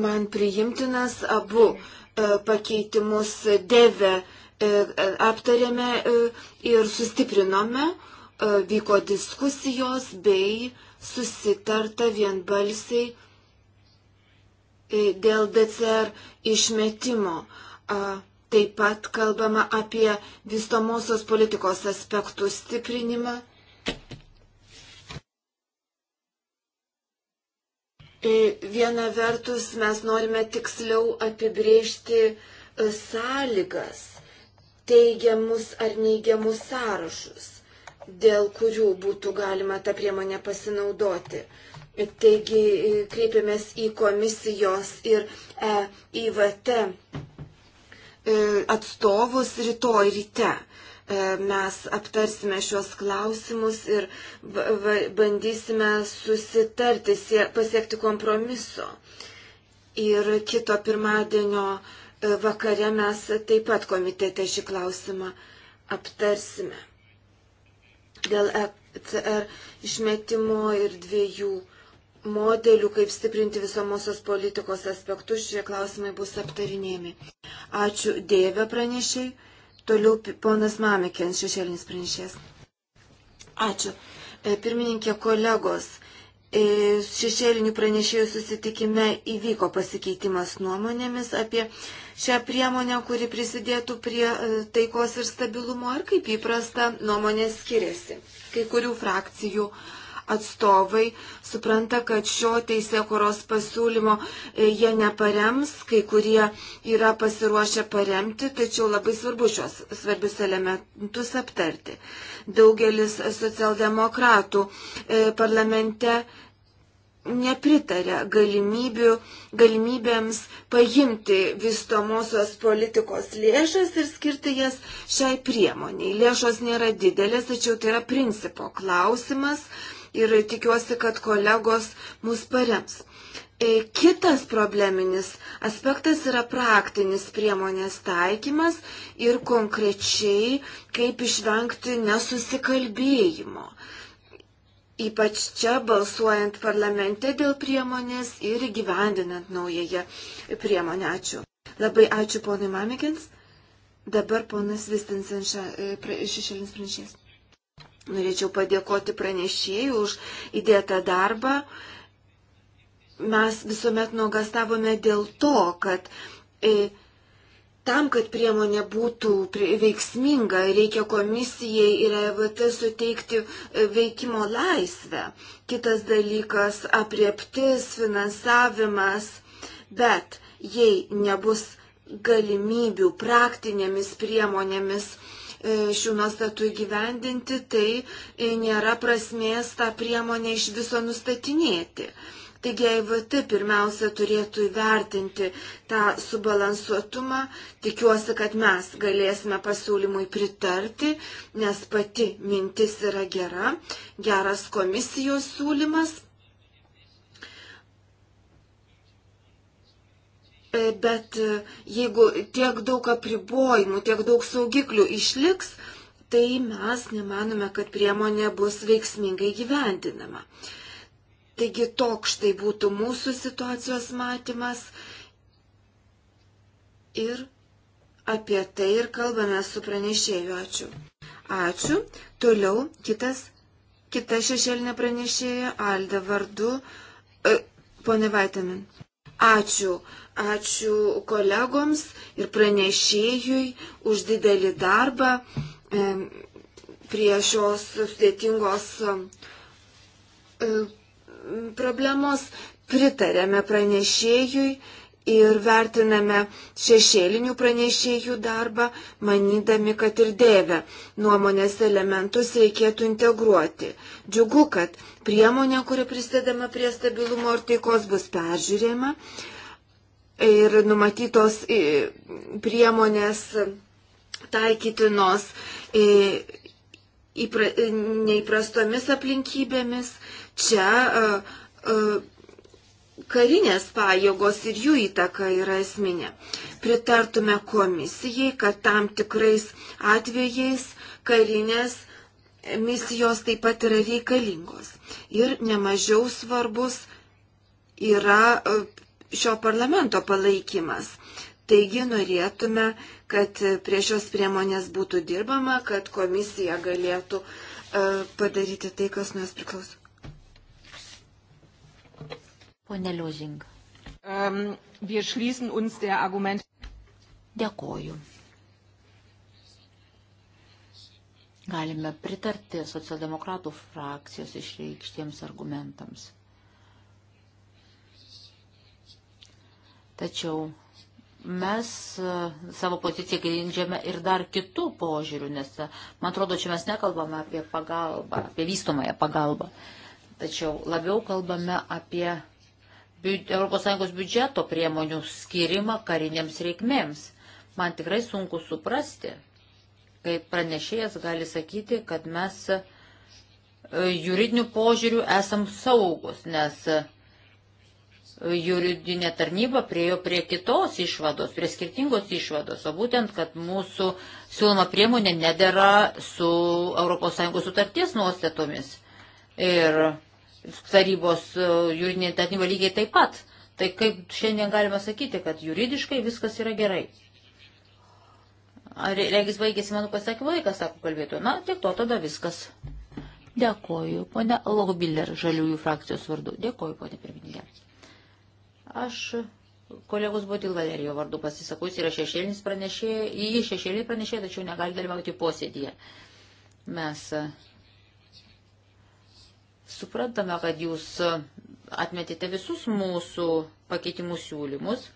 man priimtinas abu e, pakeitimus devė E, aptarėme e, ir sustiprinome, e, vyko diskusijos bei susitarta vienbalsiai dėl DCR išmetimo. Taip pat kalbama apie vystomosios politikos aspektų stiprinimą. Viena vertus mes norime tiksliau apibriežti sąlygas teigiamus ar neigiamus sąrašus, dėl kurių būtų galima tą priemonę pasinaudoti. Taigi e, kreipiamės į komisijos ir EIVT e, atstovus rytoj ryte. E, mes aptarsime šios klausimus ir bandysime susitarti, pasiekti kompromiso. Ir kito pirmadienio uh, E, vakare mes taip pat komitete šį klausimą aptarsime. Dėl ECR išmetimo ir dviejų modelių, kaip stiprinti visomosios politikos aspektus, šie klausimai bus aptarinėjami. Ačiū Dėvė pranešiai. Toliau ponas Mamikens šešėlinis pranešės. Ačiū. E, pirmininkė kolegos E, šešėlinių pranešėjų susitikime įvyko pasikeitimas nuomonėmis apie šią priemonę, kuri prisidėtų prie e, taikos ir stabilumo, ar kaip įprasta nuomonės skiriasi kai kurių frakcijų uh, atstovai supranta, kad šio teisėkuros pasiūlymo e, jie neparems, kai kurie yra pasiruošę paremti, tačiau labai svarbu šios svarbius elementus aptarti. Daugelis socialdemokratų e, parlamente nepritarė galimybėms paimti vystomosios politikos lėšas ir skirti jas šiai priemoniai. Lėšos nėra didelės, tačiau tai yra principo klausimas. E, ir tikiuosi, kad kolegos mus parems. E, kitas probleminis aspektas yra praktinis priemonės taikymas ir konkrečiai kaip išvengti nesusikalbėjimo. Ypač čia balsuojant parlamente dėl priemonės ir gyvendinant naująją priemonę. Ačiū. Labai ačiū ponui Mamikins. Dabar ponas Vistinsen e, šešėlinis pranešės. Norėčiau padėkoti pranešėjų už įdėtą darbą. Mes visuomet nuogastavome dėl to, kad e, tam, kad priemonė būtų veiksminga, reikia komisijai ir EVT suteikti e, veikimo laisvę. Kitas dalykas - apriptis, finansavimas. Bet jei nebus galimybių praktinėmis priemonėmis, E, šių nuostatų įgyvendinti, tai e, nėra prasmės tą priemonę iš viso nustatinėti. Taigi EIVT pirmiausia turėtų įvertinti tą subalansuotumą. Tikiuosi, kad mes galėsime pasiūlymui pritarti, nes pati mintis yra gera, geras komisijos siūlymas. E, bet e, jeigu tiek daug apribojimų, tiek daug saugiklių išliks, tai mes nemanome, kad priemonė bus veiksmingai gyvendinama. Taigi toks štai būtų mūsų situacijos matymas ir apie tai ir kalbame su pranešėju. Ačiū. Ačiū. Toliau kitas, kita šešėlinė pranešėja Alda vardu. E, Pone Vaitamin. Ačiū. Ačiū kolegoms ir pranešėjui už didelį darbą e, prie šios sudėtingos e, problemos. Pritarėme pranešėjui ir vertiname šešėlinių pranešėjų darbą, manydami, kad ir dėvę nuomonės elementus reikėtų integruoti. Džiugu, kad priemonė, kuri prisidedama prie stabilumo ir taikos, bus peržiūrėma ir numatytos e, priemonės taikytinos e, įpra, e, neįprastomis aplinkybėmis. Čia karinės pajėgos ir jų įtaka yra esminė. Pritartume komisijai, kad tam tikrais atvejais karinės misijos taip pat yra reikalingos. Ir nemažiau svarbus yra šio parlamento palaikymas. Taigi norėtume, kad prie šios priemonės būtų dirbama, kad komisija galėtų e, padaryti tai, kas nuo jos priklauso. Pone Liuzing. Ähm, Dėkoju. Galime pritarti socialdemokratų frakcijos išreikštiems argumentams. Tačiau mes e, savo poziciją grindžiame ir dar kitų požiūrių, nes, e, man atrodo, čia mes nekalbame apie pagalbą, apie vystomąją pagalbą, tačiau labiau kalbame apie ES biudžeto priemonių skirimą karinėms reikmėms. Man tikrai sunku suprasti, kaip pranešėjas gali sakyti, kad mes e, juridinių požiūrių esam saugus, nes juridinė tarnyba priejo prie kitos išvados, prie skirtingos išvados, o būtent, kad mūsų siūloma priemonė nedėra su ES sutarties nuostatomis. Ir tarybos e, juridinė tarnyba lygiai taip pat. Tai kaip šiandien galima sakyti, kad juridiškai viskas yra gerai. Ar regis baigėsi mano pasakymai, kas sako kalbėtų? Na, tiek to tada viskas. Dėkoju, ponia Lohbiller, žaliųjų frakcijos vardu. Dėkoju, ponia pirmininkė. Aš kolegos Botil Valerijo vardu pasisakau, jis yra šešėlinis pranešėjas, jį šešėlinį pranešėją, tačiau negali dalyvauti posėdėje. Mes e, suprantame, kad jūs atmetėte visus mūsų pakeitimų siūlymus.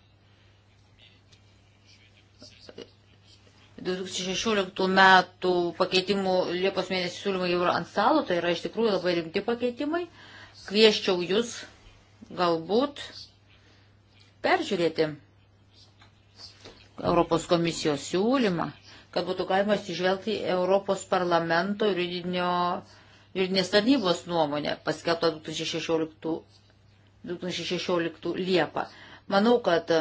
2016 metų pakeitimų Liepos mėnesį siūlymai jau yra ant stalo, tai yra iš tikrųjų labai rimti pakeitimai. Kvieščiau jūs galbūt peržiūrėti Europos komisijos siūlymą, kad būtų galima atsižvelgti Europos parlamento juridinio, juridinės tarnybos nuomonę paskelbtą 2016, 2016 Liepą. Manau, kad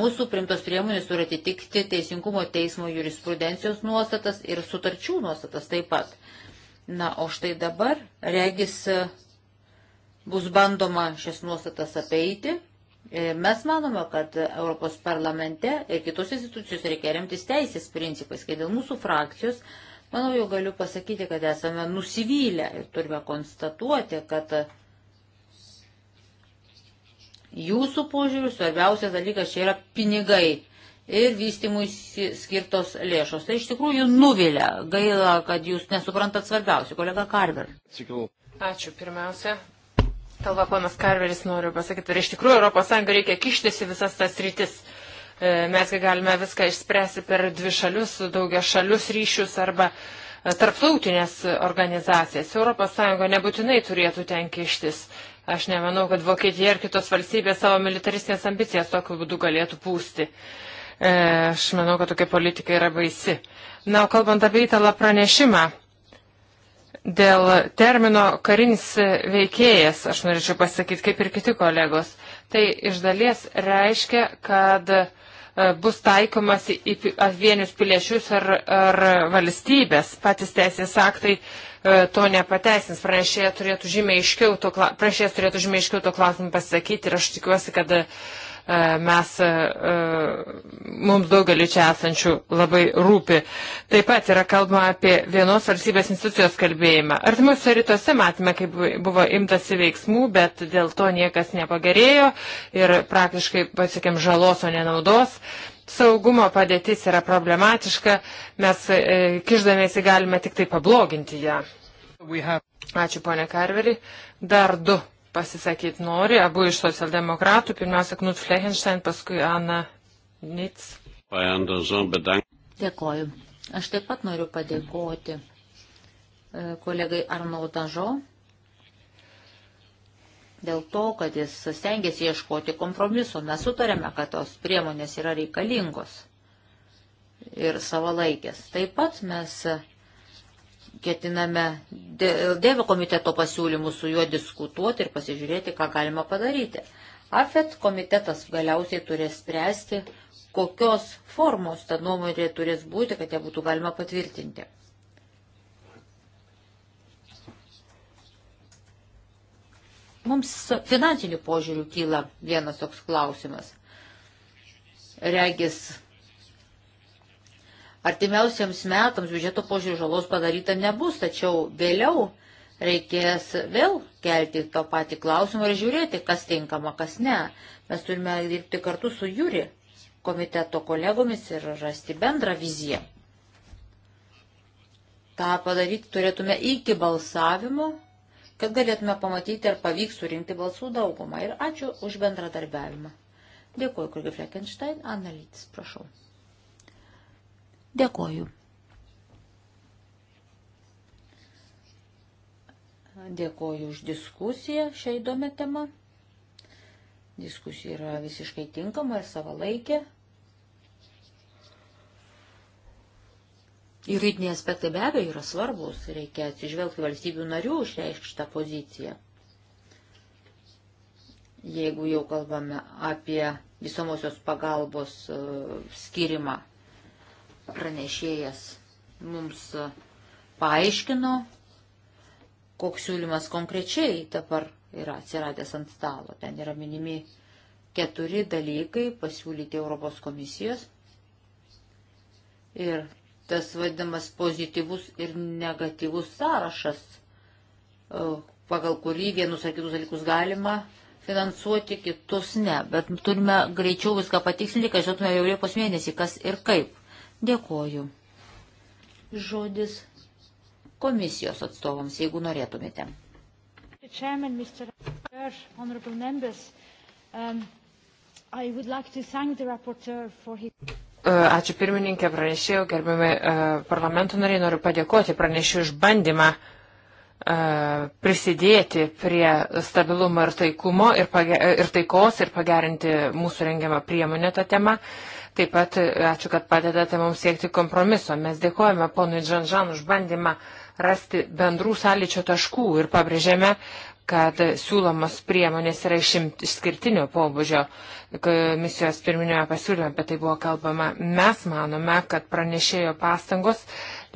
mūsų primtos priemonės turi atitikti Teisingumo teismo jurisprudencijos nuostatas ir sutarčių nuostatas taip pat. Na, o štai dabar, regis, bus bandoma šias nuostatas apeiti E, mes manome, kad Europos parlamente ir kitos institucijos reikia remtis teisės principais, kai dėl mūsų frakcijos, manau, jau galiu pasakyti, kad esame nusivylę ir turime konstatuoti, kad jūsų požiūrių svarbiausias dalykas čia yra pinigai ir vystimui skirtos lėšos. Tai iš tikrųjų nuvilia. Gaila, kad jūs nesuprantat svarbiausių. Kolega Karver. Ačiū pirmiausia kalba ponas Karveris, noriu pasakyti, ir iš tikrųjų ES reikia kištis į visas tas rytis. E, Mes galime viską išspręsti per dvi šalius, daugia šalius ryšius arba e, tarptautinės organizacijas. ES nebūtinai turėtų ten kištis. Aš nemanau, kad Vokietija ir kitos valstybės savo militaristinės ambicijas tokiu būdu galėtų pūsti. E, aš manau, kad tokia politika yra baisi. Na, o kalbant apie įtalą pranešimą, Dėl termino karinis veikėjas, aš norėčiau pasakyti, kaip ir kiti kolegos, tai iš dalies reiškia, kad e, bus taikomas į vienius piliečius ar, ar valstybės. Patys teisės aktai e, to nepateisins. Pranešėjas turėtų žymiai iškiau to klausimų pasakyti ir aš tikiuosi, kad uh, E, mes, e, e, mums daugelį čia esančių labai rūpi. Taip pat yra kalbama apie vienos valstybės institucijos kalbėjimą. Artimuose rytuose matėme, kaip buvo imtasi veiksmų, bet dėl to niekas nepagerėjo ir praktiškai pasiekėm žalos, o nenaudos saugumo padėtis yra problematiška, mes e, kišdamėsi galime tik tai pabloginti ją. Ačiū, ponė Karveri. Dar du pasisakyti nori, abu iš socialdemokratų, pirmiausia Knut Flechenstein, paskui Ana Nits. Dėkoju. Aš taip pat noriu padėkoti e, kolegai Arnaud Danžo dėl to, kad jis stengiasi ieškoti kompromiso. Mes sutarėme, kad tos priemonės yra reikalingos ir savalaikės. Taip pat mes ketiname dėl Dievo komiteto pasiūlymų su juo diskutuoti ir pasižiūrėti, ką galima padaryti. AFET komitetas galiausiai turės spręsti, kokios formos ta nuomonė turės būti, kad ją būtų galima patvirtinti. Mums finansinių požiūrių kyla vienas toks klausimas. Regis Artimiausiams metams biudžeto požiūrį žalos padaryta nebus, tačiau vėliau reikės vėl kelti tą patį klausimą ir žiūrėti, kas tinkama, kas ne. Mes turime dirbti kartu su Jūri komiteto kolegomis ir rasti bendrą viziją. Ta padaryti turėtume iki balsavimo, kad galėtume pamatyti, ar pavyks surinkti balsų daugumą. Ir ačiū už bendradarbiavimą. Dėkuoju, Kurgi Fleckenstein. Analytis, prašau. Dėkoju. Dėkoju už diskusiją šią įdomią temą. Diskusija yra visiškai tinkama ir savalaikė. Juridiniai aspektai be abejo yra svarbus, reikia atsižvelgti valstybių narių išreikštą poziciją. Jeigu jau kalbame apie visomosios pagalbos e, skirimą Pranešėjas mums paaiškino, koks siūlymas konkrečiai dabar yra atsiradęs ant stalo. Ten yra minimi keturi dalykai pasiūlyti Europos komisijos. Ir tas vadinamas pozityvus ir negatyvus sąrašas, e, pagal kurį vienus ar kitus dalykus galima finansuoti, kitus ne. Bet turime greičiau viską patikslinti, kad žinotume jau Liepos mėnesį, kas ir kaip. Dėkoju. Žodis komisijos atstovams, jeigu norėtumėte. Um, uh, ačiū pirmininkė, pranešėjau, gerbiami uh, parlamento nariai, noriu padėkoti pranešiu iš bandymą uh, prisidėti prie stabilumo ir taikumo ir, page, ir taikos ir pagerinti mūsų rengiamą priemonę tą temą. Taip pat ačiū, kad padedate mums siekti kompromiso. Mes dėkojame ponui Džanžan už bandymą rasti bendrų sąlyčio taškų ir pabrėžėme, kad siūlomos priemonės yra išimt, išskirtinio pobūdžio misijos pirminioje pasiūlyme, apie tai buvo kalbama. Mes manome, kad pranešėjo pastangos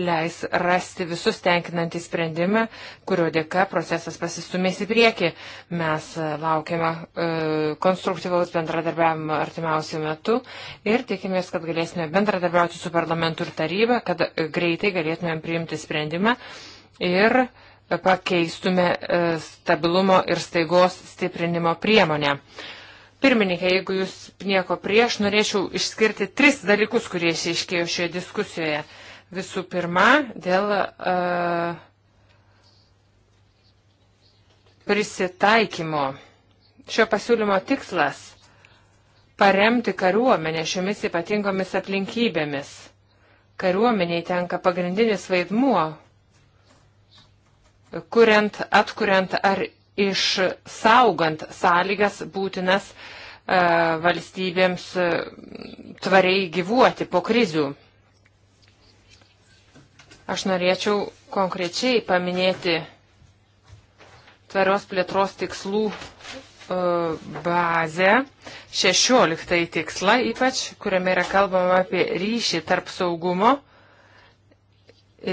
leis rasti visus tenkinantį sprendimą, kurio dėka procesas pasistumės į priekį. Mes e, laukiame e, konstruktyvaus bendradarbiavimo artimiausių metų ir tikimės, kad galėsime bendradarbiauti su parlamentu ir taryba, kad e, greitai galėtumėm priimti sprendimą ir pakeistume e, stabilumo ir staigos stiprinimo priemonę. Pirmininkė, jeigu jūs nieko prieš, norėčiau išskirti tris dalykus, kurie išaiškėjo šioje diskusijoje. Visų pirma, dėl uh, prisitaikymo. Šio pasiūlymo tikslas - paremti kariuomenę šiomis ypatingomis aplinkybėmis. Kariuomeniai tenka pagrindinis vaidmuo, kuriant, atkuriant ar išsaugant sąlygas būtinas uh, valstybėms uh, tvariai gyvuoti po krizių. Aš norėčiau konkrečiai paminėti tvarios plėtros tikslų e, bazę, 16 tikslą ypač, kuriame yra kalbama apie ryšį tarp saugumo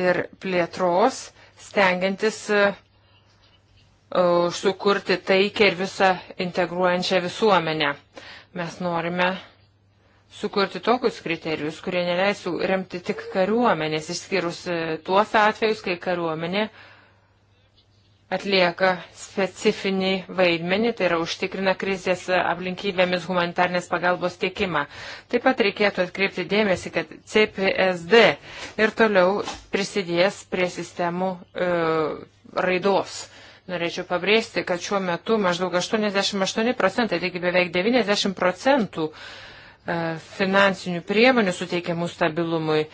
ir plėtros, stengiantis e, e, sukurti taikę ir visą integruojančią visuomenę. Mes norime sukurti tokius kriterijus, kurie neleisų remti tik kariuomenės, išskyrus e, tuos atvejus, kai kariuomenė atlieka specifinį vaidmenį, tai yra užtikrina krizės aplinkybėmis humanitarnės pagalbos tiekimą. Taip pat reikėtų atkreipti dėmesį, kad CPSD ir toliau prisidės prie sistemų e, raidos. Norėčiau pabrėžti, kad šiuo metu maždaug 88 procentai, taigi beveik 90 procentų e, E, finansinių priemonių suteikiamų stabilumui e,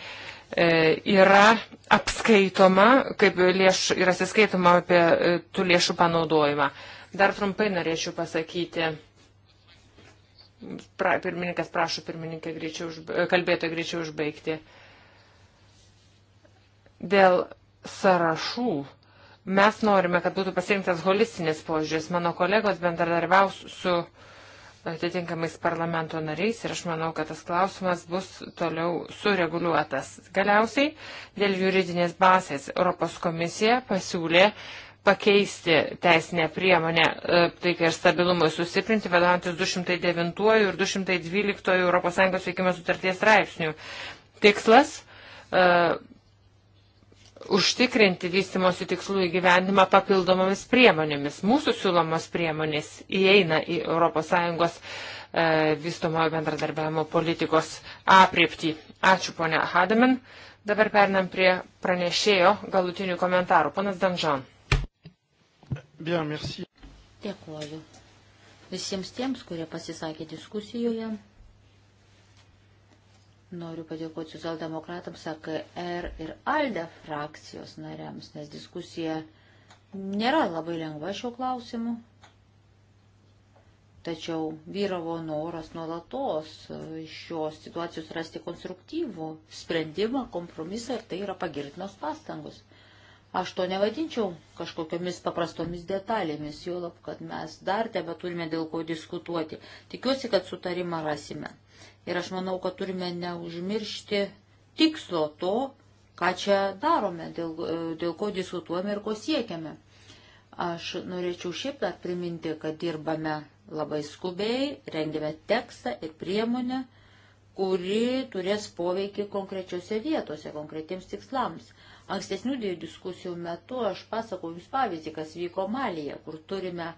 yra apskaitoma, kaip lėš, yra atsiskaitoma apie e, tų lėšų panaudojimą. Dar trumpai norėčiau pasakyti, pra, pirmininkas prašo pirmininkę greičiau už, kalbėto greičiau užbaigti. Dėl sąrašų mes norime, kad būtų pasirinktas holistinis požiūris. Mano kolegos bendradarbiaus su uh, atitinkamais parlamento nariais ir aš manau, kad tas klausimas bus toliau sureguliuotas. Galiausiai dėl juridinės bazės Europos komisija pasiūlė pakeisti teisinę priemonę, e, tai kai ir stabilumui sustiprinti, vadovantis 209 ir 212 ES veikimo sutarties straipsnių. Tikslas e, užtikrinti vystimosi tikslų įgyvendimą papildomomis priemonėmis. Mūsų siūlomos priemonės įeina į ES e, vystomojo bendradarbiavimo politikos apriepti. Ačiū, ponia Hademin. Dabar pernam prie pranešėjo galutinių komentarų. Panas Danžan. Bien, merci. Dėkuoju visiems tiems, kurie pasisakė diskusijoje. Noriu padėkoti socialdemokratams, AKR ir ALDE frakcijos nariams, nes diskusija nėra labai lengva šiuo klausimu. Tačiau vyravo noras nuolatos šios situacijos rasti konstruktyvų sprendimą, kompromisą ir tai yra pagirtinos pastangos. Aš to nevadinčiau kažkokiamis paprastomis detalėmis, juolab, kad mes dar tebe turime dėl ko diskutuoti. Tikiuosi, kad sutarimą rasime. Ir aš manau, kad turime neužmiršti tikslo to, ką čia darome, dėl, e, dėl ko diskutuojame ir ko siekiame. Aš norėčiau šiaip dar priminti, kad dirbame labai skubiai, rengėme tekstą ir priemonę, kuri turės poveikį konkrečiose vietose, konkretiems tikslams. Ankstesnių dviejų diskusijų metu aš pasakau Jums pavyzdį, kas vyko Malyje, kur turime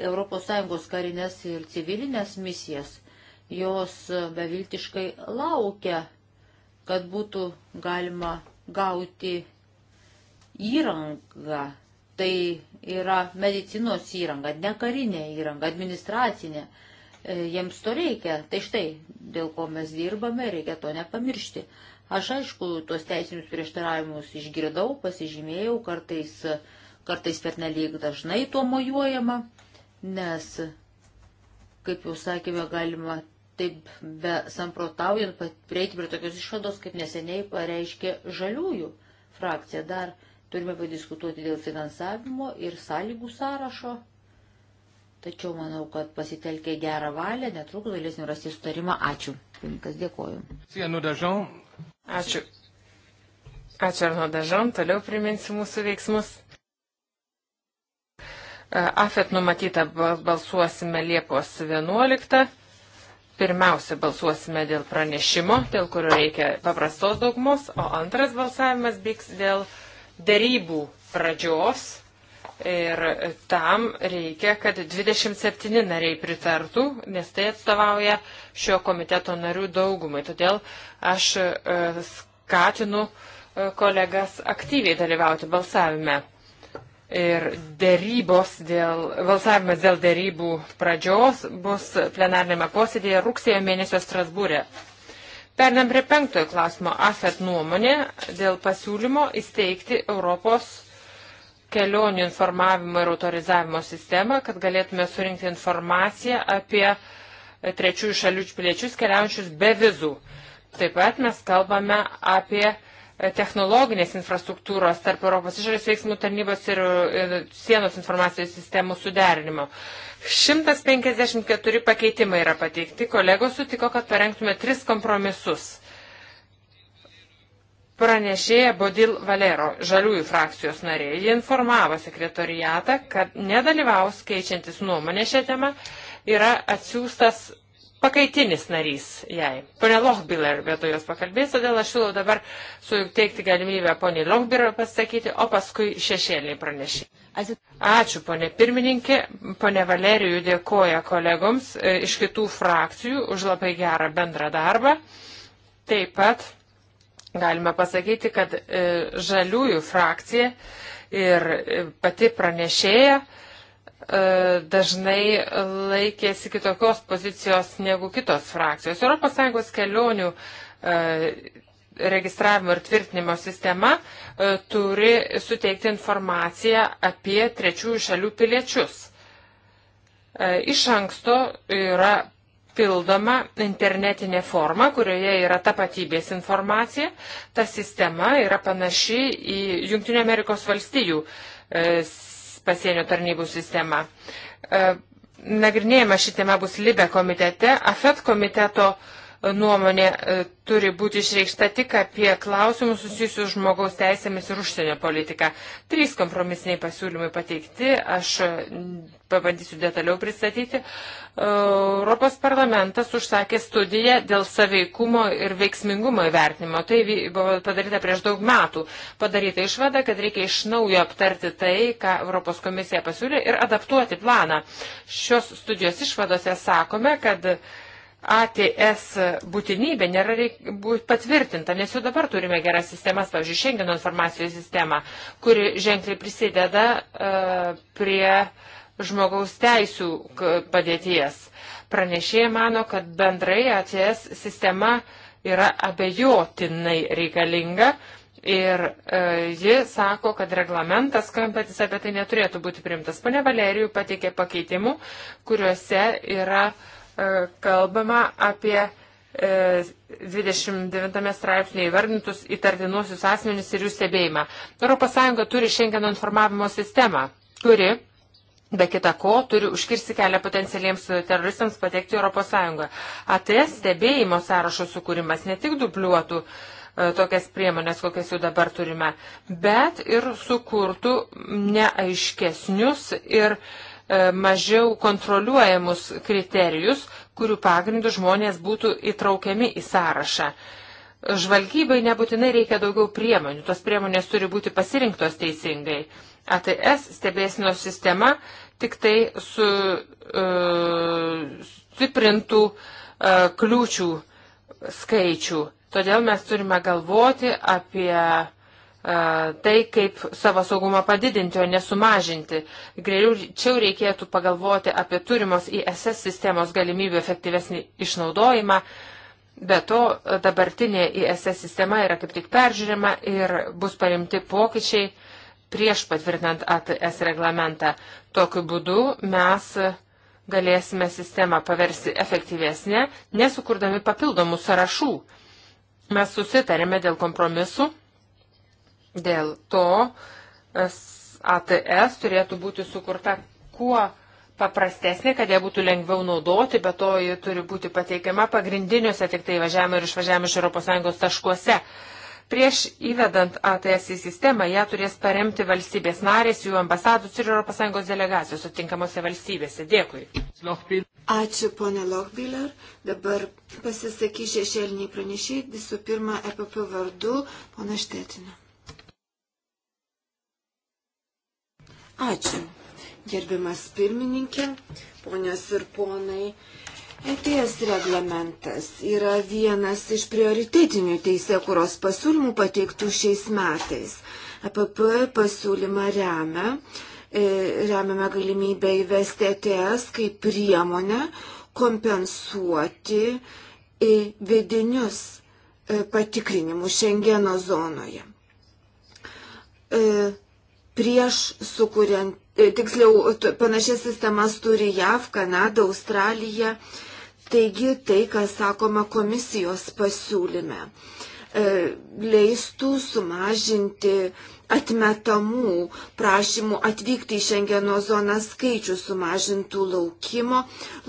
ES karinės ir civilinės misijas jos beviltiškai laukia, kad būtų galima gauti įrangą. Tai yra medicinos įranga, ne karinė įranga, administracinė. E, jiems to reikia. Tai štai, dėl ko mes dirbame, reikia to nepamiršti. Aš aišku, tuos teisinius prieštaravimus išgirdau, pasižymėjau, kartais, kartais per nelik dažnai tuo mojuojama, nes, kaip jau sakėme, galima taip be samprotaujant prieiti prie tokios išvados, kaip neseniai pareiškė žaliųjų frakcija. Dar turime padiskutuoti dėl finansavimo ir sąlygų sąrašo. Tačiau manau, kad pasitelkę gerą valią netrukus galėsim rasti sutarimą. Ačiū. Pirmininkas, dėkoju. Ačiū. Ačiū Arno Dažon. Toliau priminsiu mūsų veiksmus. E, AFET numatyta balsuosime Liepos 11. Pirmiausia, balsuosime dėl pranešimo, dėl kurio reikia paprastos daugumos, o antras balsavimas vyks dėl darybų pradžios. Ir tam reikia, kad 27 nariai pritartų, nes tai atstovauja šio komiteto narių daugumai. Todėl aš e, skatinu e, kolegas aktyviai dalyvauti balsavime. Ir dėrybos dėl, valsavimas dėl dėrybų pradžios bus plenarnėme posėdėje rugsėjo mėnesio Strasbūrė. Pernam prie penktojo klausimo AFET nuomonė dėl pasiūlymo įsteigti Europos kelionių informavimo ir autorizavimo sistemą, kad galėtume surinkti informaciją apie trečiųjų šalių piliečius keliaujančius be vizų. Taip pat mes kalbame apie technologinės infrastruktūros tarp Europos išorės veiksmų tarnybos ir sienos informacijos sistemų suderinimo. 154 pakeitimai yra pateikti. Kolegos sutiko, kad parengtume tris kompromisus. Pranešėja Bodil Valero, žaliųjų frakcijos narė, ji informavo sekretorijatą, kad nedalyvaus keičiantis nuomonė šią temą, yra atsiųstas pakaitinis narys jai. Pone Lochbiller vietoj jos pakalbės, todėl aš siūlau dabar suteikti galimybę poniai Lochbiller pasakyti, o paskui šešėliai pranešė. Ačiū, ponė pirmininkė. Pone Valerijų dėkoja kolegoms e, iš kitų frakcijų už labai gerą bendrą darbą. Taip pat galime pasakyti, kad e, žaliųjų frakcija ir e, pati pranešėja E, dažnai laikėsi kitokios pozicijos negu kitos frakcijos. ES kelionių e, registravimo ir tvirtinimo sistema e, turi suteikti informaciją apie trečiųjų šalių piliečius. Iš anksto yra pildoma internetinė forma, kurioje yra tapatybės informacija. Ta sistema yra panaši į Junktinio Amerikos valstijų pasienio tarnybų sistemą. E, nagrinėjama ši tema bus Libe komitete, AFET komiteto uh, nuomonė e, turi būti išreikšta tik apie klausimus susijusius žmogaus teisėmis ir užsienio politiką. Trys kompromisiniai pasiūlymai pateikti, aš e, pabandysiu detaliau pristatyti. E, Europos parlamentas užsakė studiją dėl saveikumo ir veiksmingumo įvertinimo. Tai buvo padaryta prieš daug metų. Padaryta išvada, kad reikia iš naujo aptarti tai, ką Europos komisija pasiūlė ir adaptuoti planą. Šios studijos išvadose sakome, kad uh, ATS būtinybė nėra reik, būt patvirtinta, nes jau dabar turime geras sistemas, pavyzdžiui, Schengeno informacijos sistemą, kuri ženkliai prisideda uh, prie žmogaus teisų padėties. Pranešėjai mano, kad bendrai ATS sistema yra abejotinai reikalinga ir e, ji sako, kad reglamentas kampetis apie tai neturėtų būti primtas. Pane Valerijų pateikė pakeitimų, kuriuose yra e, E, kalbama apie 29 e, straipsnėje įvardintus įtartinuosius asmenis ir jų stebėjimą. ES turi šiandien informavimo sistemą, kuri be kita ko, turi užkirsti kelią potencialiems teroristams patekti ES. ATS stebėjimo sąrašo sukūrimas ne tik dubliuotų e, tokias priemonės, kokias jau dabar turime, bet ir sukurtų neaiškesnius ir uh, E, mažiau kontroliuojamus kriterijus, kurių pagrindų žmonės būtų įtraukiami į sąrašą. Žvalgybai nebūtinai reikia daugiau priemonių, tos priemonės turi būti pasirinktos teisingai. ATS stebėsinos sistema tik tai su, uh, stiprintų uh, kliūčių skaičių. Todėl mes turime galvoti apie uh, tai, kaip savo saugumą padidinti, o nesumažinti. Greičiau reikėtų pagalvoti apie turimos ISS sistemos galimybių efektyvesnį išnaudojimą. Be to, dabartinė ISS sistema yra kaip tik peržiūrima ir bus parimti pokyčiai prieš patvirtinant ATS reglamentą. Tokiu būdu mes galėsime sistemą paversti efektyvesnė, nesukurdami papildomų sąrašų. Mes susitarėme dėl kompromisų Dėl to ATS turėtų būti sukurta kuo paprastesnė, kad ją būtų lengviau naudoti, bet to ji turi būti pateikiama pagrindiniuose tik tai važiavimo ir išvažiavimo iš ES taškuose. Prieš įvedant ATS į sistemą, ją turės paremti valstybės narės, jų ambasadus ir ES delegacijos sutinkamose valstybėse. Dėkui. Ačiū, ponė Lochbiller. Dabar pasisakys šešėliniai pranešiai, visų pirma, EPP vardu, pona Štetina. Ačiū. Gerbiamas pirmininkė, ponios ir ponai, ETS reglamentas yra vienas iš prioritetinių teisėkuros pasiūlymų pateiktų šiais metais. APP e pasiūlymą remia, e, remiame galimybę įvesti ETS kaip priemonę kompensuoti e, vidinius patikrinimus Šengeno zonoje prieš sukuriant, e, tiksliau, panašias sistemas turi JAV, Kanada, Australija. Taigi tai, kas sakoma komisijos pasiūlyme. Uh, E, leistų sumažinti atmetamų prašymų atvykti į Šengeno zoną skaičių, sumažintų laukimo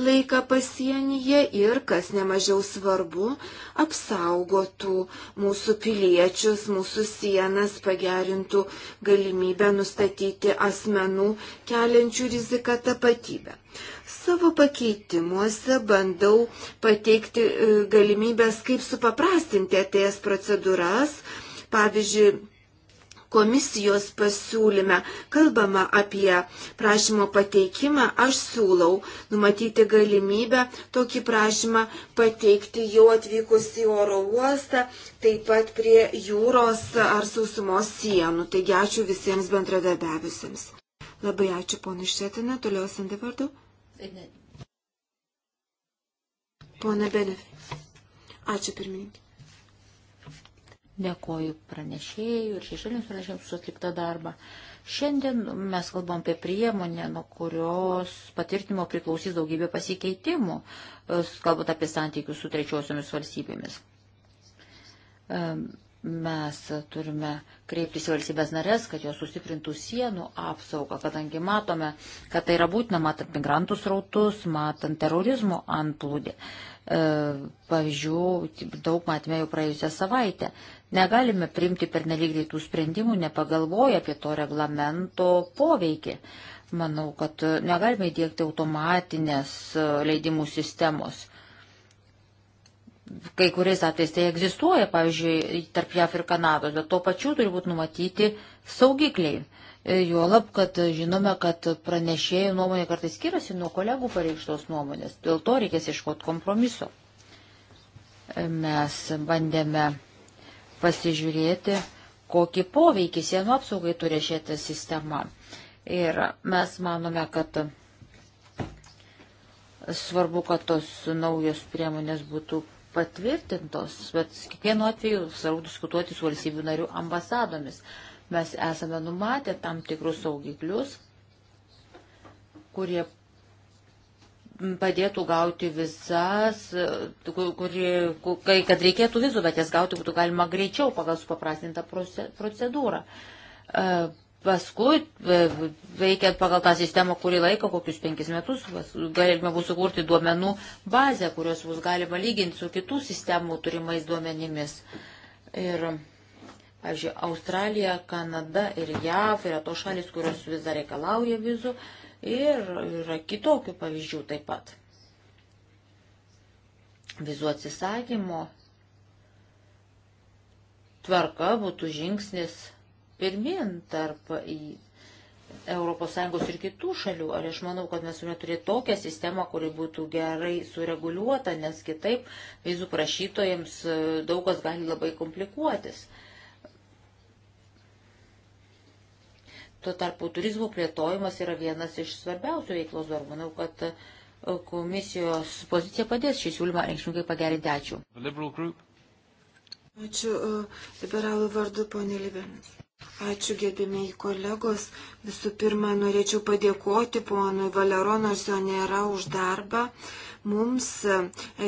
laiką pasienyje ir, kas nemažiau svarbu, apsaugotų mūsų piliečius, mūsų sienas, pagerintų galimybę nustatyti asmenų keliančių riziką tapatybę. Savo pakeitimuose bandau pateikti e, galimybės, kaip supaprastinti ateities procedūras. Pavyzdžiui, komisijos pasiūlyme kalbama apie prašymo pateikimą, aš siūlau numatyti galimybę tokį prašymą pateikti jau atvykus į oro uostą, taip pat prie jūros ar sausumos sienų. Taigi ačiū visiems bendradarbiavusiems. Labai ačiū ponui Šetinė, toliau Sandevardu. Pone Benefė. Ačiū pirmininkė. Dėkoju pranešėjų ir šešėlėms pranešėjams su atlikta darba. Šiandien mes kalbam apie priemonę, nuo kurios patvirtinimo priklausys daugybė pasikeitimų, kalbant apie santykius su trečiosiomis valstybėmis. Mes turime kreiptis į valstybės narės, kad jos sustiprintų sienų apsaugą, kadangi matome, kad tai yra būtina, matant migrantų srautus, matant terorizmo antplūdį. E, pavyzdžių daug matėme jau praėjusią savaitę. Negalime priimti per neligreitų sprendimų, nepagalvoję apie to reglamento poveikį. Manau, kad negalime įdėkti automatinės leidimų sistemos kai kuriais atvejais tai egzistuoja, pavyzdžiui, tarp JAF ir Kanados, bet tuo pačiu turi būti numatyti saugikliai. E, juolab, kad žinome, kad pranešėjų nuomonė kartais skiriasi nuo kolegų pareikštos nuomonės. Dėl to reikės iškoti kompromiso. E, mes bandėme pasižiūrėti, kokį poveikį sienų apsaugai turi šitą sistemą. Ir mes manome, kad svarbu, kad tos naujos priemonės būtų patvirtintos, bet kiekvienu atveju svarbu diskutuoti su valstybių narių ambasadomis. Mes esame numatę tam tikrus saugiklius, kurie padėtų gauti visas, kurie, kad reikėtų vizų, bet jas gauti būtų galima greičiau pagal supaprastintą procedūrą. E, Paskui, e, veikiant pagal tą sistemą kurį laiką, kokius penkis metus, galime bus sukurti duomenų bazę, kurios bus galima lyginti su kitų sistemų turimais duomenimis. Ir, pavyzdžiui, Australija, Kanada ir JAV yra tos šalis, kurios vis dar reikalauja vizų ir yra kitokių pavyzdžių taip pat. Vizų atsisakymo tvarka būtų žingsnis pirmin tarp ES ir kitų šalių. Ar aš manau, kad mes turime turėti tokią sistemą, kuri būtų gerai sureguliuota, nes kitaip vizų prašytojams e, daug kas gali labai komplikuotis. Tuo tarpu turizmo plėtojimas yra vienas iš svarbiausių veiklos darbų. Manau, kad e, komisijos pozicija padės šį siūlymą reikšmingai pagerinti. Ačiū. Ačiū e, liberalų vardu, ponė Libenas. Ačiū gerbėmiai kolegos. Visų pirma, norėčiau padėkoti ponui Valeronos jo nėra už darbą. Mums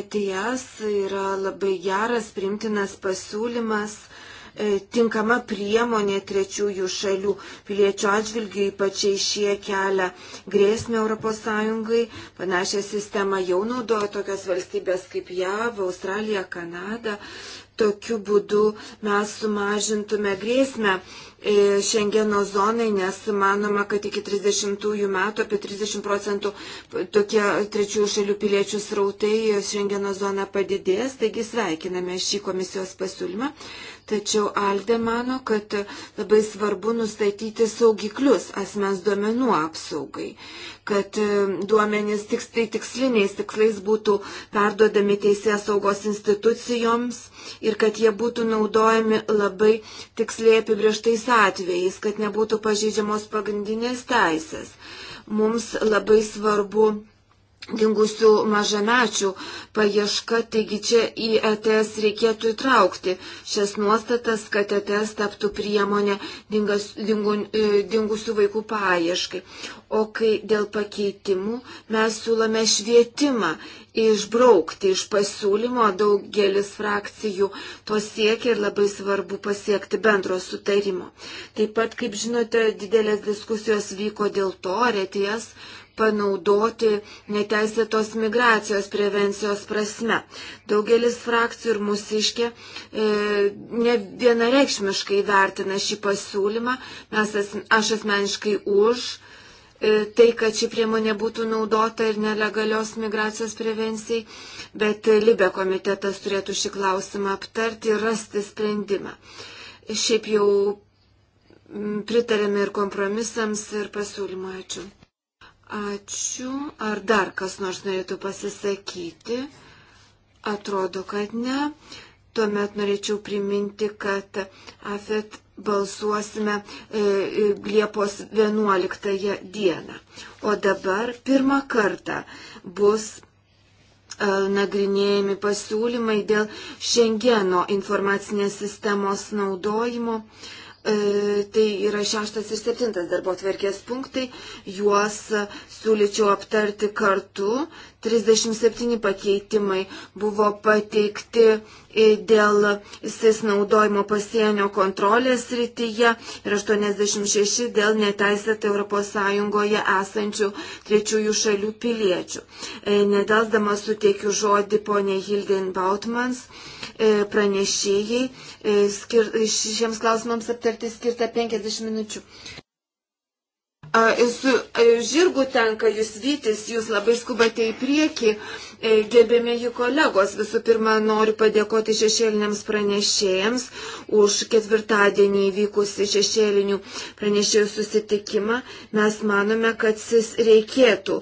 ETS yra labai geras, primtinas pasiūlymas e, tinkama priemonė trečiųjų šalių piliečių atžvilgių, ypač šie kelia grėsmę ES. Panašią sistemą jau naudoja tokios valstybės kaip JAV, Australija, Kanada. Tokiu būdu mes sumažintume grėsmę E, Šengeno zonai, nes manoma, kad iki 30 metų apie 30 procentų tokie trečiųjų šalių piliečių srautai Šengeno zona padidės, taigi sveikiname šį komisijos pasiūlymą. Tačiau Alde mano, kad labai svarbu nustatyti saugiklius asmens duomenų apsaugai, kad e, duomenys tiks, tai tiksliniais tikslais būtų perduodami teisės saugos institucijoms ir kad jie būtų naudojami labai tiksliai apibrieštais atvejais, kad nebūtų pažydžiamos pagrindinės teisės. Mums labai svarbu dingusių mažamečių paieška, taigi čia į ETS reikėtų įtraukti šias nuostatas, kad ETS taptų priemonė dingas, dingu, e, dingusių vaikų paieškai. O kai dėl pakeitimų mes siūlome švietimą išbraukti iš pasiūlymo, daugelis frakcijų to siekia ir labai svarbu pasiekti bendro sutarimo. Taip pat, kaip žinote, didelės diskusijos vyko dėl to, ar ETS panaudoti neteisėtos migracijos prevencijos prasme. Daugelis frakcijų ir mūsiškė e, ne vienareikšmiškai vertina šį pasiūlymą. Mes, as, aš asmeniškai už e, tai, kad ši priemonė būtų naudota ir nelegalios migracijos prevencijai, bet Libe komitetas turėtų šį klausimą aptarti ir rasti sprendimą. Šiaip jau pritarėme ir kompromisams, ir pasiūlymą. Ačiū. Ačiū. Ar dar kas nors norėtų pasisakyti? Atrodo, kad ne. Tuomet norėčiau priminti, kad AFET balsuosime e, e Liepos 11 dieną. O dabar pirmą kartą bus e, nagrinėjami pasiūlymai dėl Šengeno informacinės sistemos naudojimo. E, E, tai yra šeštas ir septintas darbo tvarkės punktai, juos e, siūlyčiau aptarti kartu. 37 pakeitimai buvo pateikti e, dėl SIS naudojimo pasienio kontrolės rytyje ir 86 dėl neteisėtai ES esančių trečiųjų šalių piliečių. Nedelsdamas suteikiu žodį poniai Hilden Bautmans E, pranešėjai e, skir, šiems klausimams aptarti skirta 50 minučių. Su žirgu tenka jūs vytis, jūs labai skubate į priekį. E, Gerbėmėji kolegos, visų pirma, noriu padėkoti šešėliniams pranešėjams už ketvirtadienį įvykusi šešėlinių pranešėjų susitikimą. Mes manome, kad jis reikėtų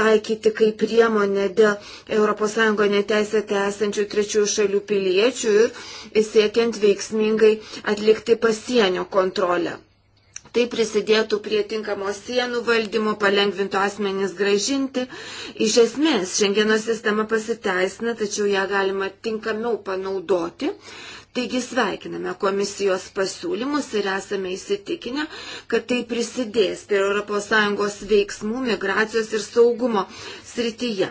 taikyti kaip priemonę dėl ES neteisėte esančių trečiųjų šalių piliečių ir siekiant veiksmingai atlikti pasienio kontrolę. Tai prisidėtų prie tinkamo sienų valdymo, palengvintų asmenys gražinti. Iš esmės, šiandieno sistema pasiteisina, tačiau ją galima tinkamiau panaudoti. Taigi sveikiname komisijos pasiūlymus ir esame įsitikinę, kad tai prisidės prie ES veiksmų migracijos ir saugumo srityje.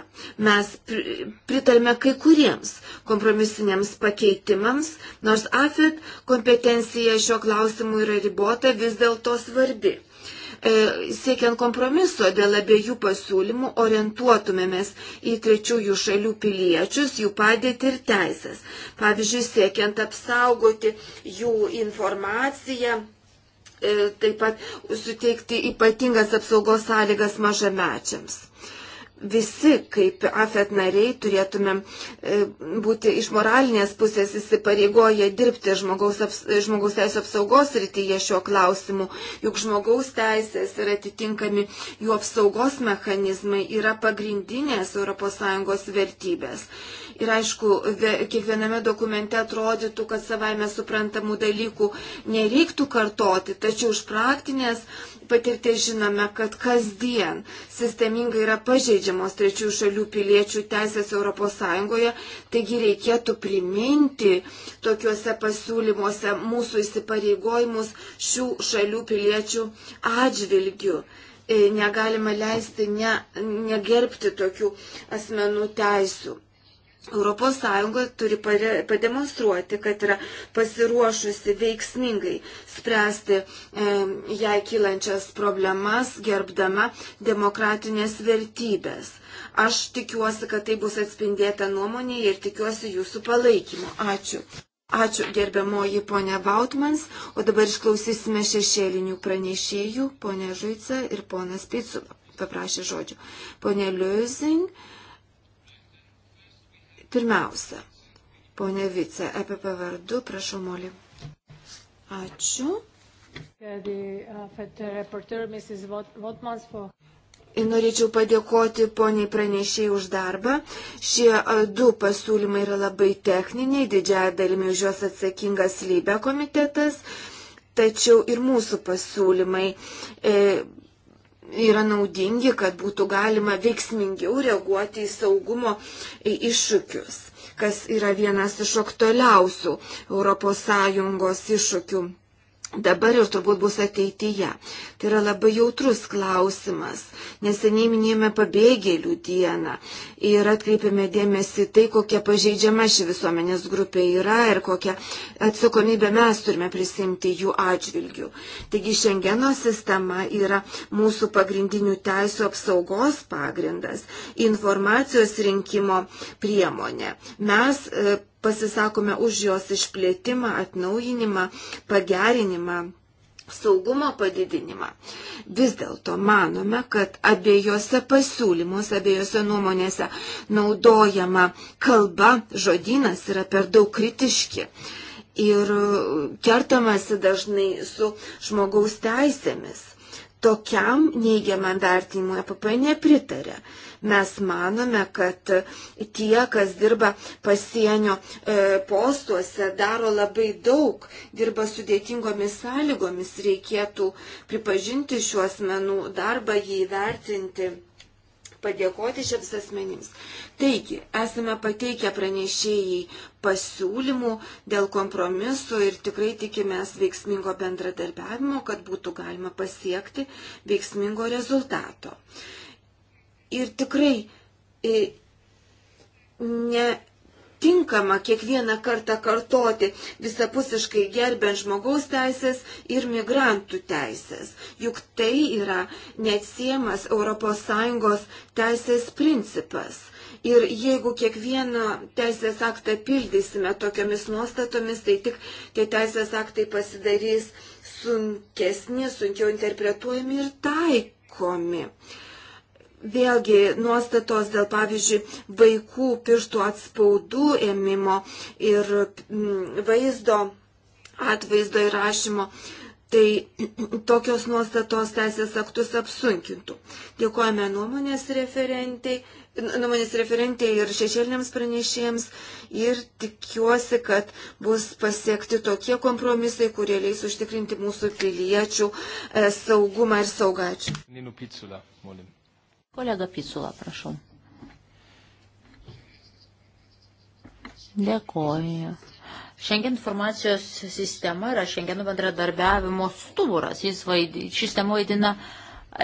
Mes pritarime kai kuriems kompromisiniams pakeitimams, nors AFIT kompetencija šiuo klausimu yra ribota, vis dėlto svarbi. E, siekiant kompromiso dėl abiejų pasiūlymų orientuotumėmės į trečiųjų šalių piliečius, jų padėtį ir teisės. Pavyzdžiui, siekiant apsaugoti jų informaciją e, taip pat suteikti ypatingas apsaugos sąlygas mažamečiams visi kaip AFET nariai turėtumėm e, būti iš moralinės pusės įsipareigoję dirbti žmogaus, aps, žmogaus teisų apsaugos rytyje šiuo klausimu, juk žmogaus teisės ir atitinkami jų apsaugos mechanizmai yra pagrindinės ES vertybės. Ir aišku, kiekviename dokumente atrodytų, kad savaime suprantamų dalykų nereiktų kartoti, tačiau iš praktinės patirties žinome, kad kasdien sistemingai yra pažeidžiamos trečių šalių piliečių teisės ES, taigi reikėtų priminti tokiuose pasiūlymuose mūsų įsipareigojimus šių šalių piliečių atžvilgių. E, negalima leisti ne, negerbti tokių asmenų teisų. ES turi pademonstruoti, kad yra pasiruošusi veiksmingai spręsti e, jai kylančias problemas, gerbdama demokratinės vertybės. Aš tikiuosi, kad tai bus atspindėta nuomonėje ir tikiuosi jūsų palaikymo. Ačiū. Ačiū gerbiamoji ponia Vautmans, o dabar išklausysime šešėlinių pranešėjų, ponia Žuica ir ponas Picula paprašė žodžio. Ponia Liuzing Pirmiausia, ponė Vice, EPP vardu, prašau, Moli. Ačiū. Uh, ir norėčiau padėkoti poniai pranešėjai už darbą. Šie du pasiūlymai yra labai techniniai, didžiąją dalimi už juos atsakingas lybė komitetas, tačiau ir mūsų pasiūlymai e, yra naudingi, kad būtų galima veiksmingiau reaguoti į saugumo iššūkius, kas yra vienas iš aktualiausių ES iššūkių dabar ir turbūt bus ateityje. Tai yra labai jautrus klausimas. Neseniai minėjome pabėgėlių dieną ir atkreipėme dėmesį tai, kokia pažeidžiama ši visuomenės grupė yra ir kokią atsakomybę mes turime prisimti jų atžvilgių. Taigi šiandieno sistema yra mūsų pagrindinių teisų apsaugos pagrindas, informacijos rinkimo priemonė. Mes e, pasisakome už jos išplėtimą, atnaujinimą, pagerinimą saugumo padidinimą. Vis dėlto manome, kad abiejose pasiūlymuose, abiejose nuomonėse naudojama kalba, žodynas yra per daug kritiški. Ir kertamasi dažnai su žmogaus teisėmis. Tokiam neigiamam vertinimui APP e nepritarė. Mes manome, kad tie, kas dirba pasienio e, postuose, daro labai daug, dirba sudėtingomis sąlygomis, reikėtų pripažinti šiuos menų darbą, jį įvertinti padėkoti šiems asmenims. Taigi, esame pateikę pranešėjai pasiūlymų dėl kompromiso ir tikrai tikimės veiksmingo bendradarbiavimo, kad būtų galima pasiekti veiksmingo rezultato. Uh, ir tikrai e, netinkama kiekvieną kartą kartoti visapusiškai gerbent žmogaus teisės ir migrantų teisės, juk tai yra neatsiemas ES teisės principas. Ir jeigu kiekvieną teisės aktą pildysime tokiamis nuostatomis, tai tik tie teisės aktai pasidarys sunkesni, sunkiau interpretuojami ir taikomi. Uh, Vėlgi nuostatos dėl, pavyzdžiui, vaikų pirštų atspaudų ėmimo ir mm, vaizdo atvaizdo įrašymo, tai tokios nuostatos teisės aktus apsunkintų. Dėkojame nuomonės referentai, nuomonės referentai ir šešėliniams pranešėjams ir tikiuosi, kad bus pasiekti tokie kompromisai, kurie leis užtikrinti mūsų piliečių e, saugumą ir saugačių. Kolega Picula, prašau. Dėkoju. Šengen informacijos sistema yra šengenų bendradarbiavimo stuburas. Jis vaidi, sistema vaidina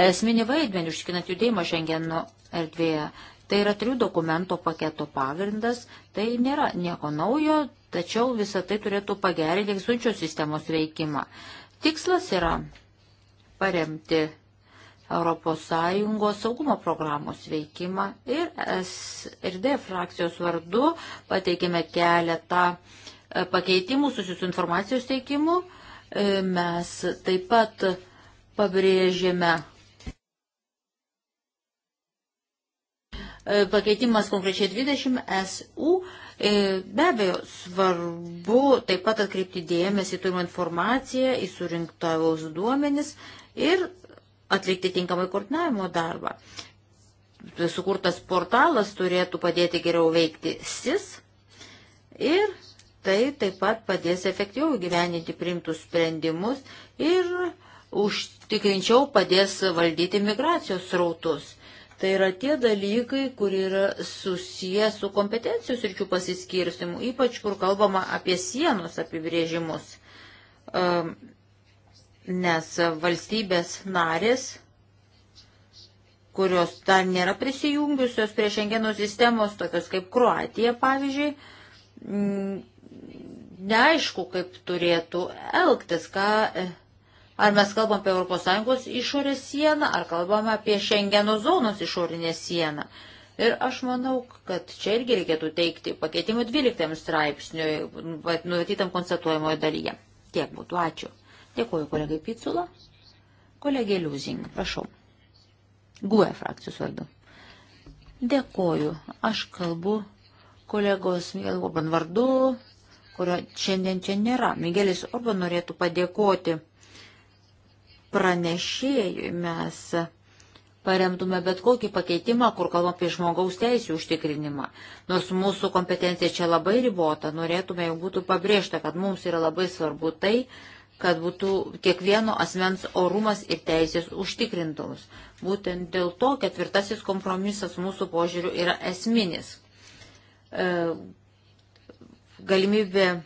esminį vaidmenį, užtikinant judėjimą šengeno erdvėje. Tai yra trijų dokumento paketo pagrindas, tai nėra nieko naujo, tačiau visą tai turėtų pagerinti egzistuojančios sistemos veikimą. Tikslas yra paremti ES saugumo programos veikimą ir SRD frakcijos vardu pateikėme keletą e, pakeitimų susijusių informacijos teikimu. E, mes taip pat pabrėžėme e, pakeitimas konkrečiai 20 SU. Be abejo, svarbu taip pat atkreipti dėmesį turimą informaciją, į surinktaus duomenis ir atlikti tinkamai koordinavimo darbą. Sukurtas portalas turėtų padėti geriau veikti SIS ir tai taip pat padės efektyviau gyveninti primtus sprendimus ir užtikrinčiau padės valdyti migracijos srautus. Tai yra tie dalykai, kur yra susiję su kompetencijos ryčių pasiskirstimu, ypač kur kalbama apie sienos apibrėžimus. Um, nes valstybės narės, kurios dar nėra prisijungiusios prie šengeno sistemos, tokios kaip Kroatija, pavyzdžiui, mm, neaišku, kaip turėtų elgtis, ką, ar mes kalbam apie ES išorės sieną, ar kalbam apie šengeno zonos išorinę sieną. Ir aš manau, kad čia irgi reikėtų teikti pakeitimų 12 straipsniui, nuvatytam konstatuojamoje dalyje. Tiek būtų. Ačiū. Dėkuoju kolegai Picula. Kolegė Liuzing, prašau. GUE frakcijos vardu. Dėkuoju. Aš kalbu kolegos Miguel Orban vardu, kurio šiandien čia nėra. Miguelis Orban norėtų padėkoti pranešėjui. Mes paremtume bet kokį pakeitimą, kur kalbam apie žmogaus teisų užtikrinimą. Nors mūsų kompetencija čia labai ribota, norėtume jau būtų pabrėžta, kad mums yra labai svarbu tai, kad būtų kiekvieno asmens orumas ir teisės užtikrintos. Būtent dėl to ketvirtasis kompromisas mūsų požiūriu yra esminis. E, galimybė e,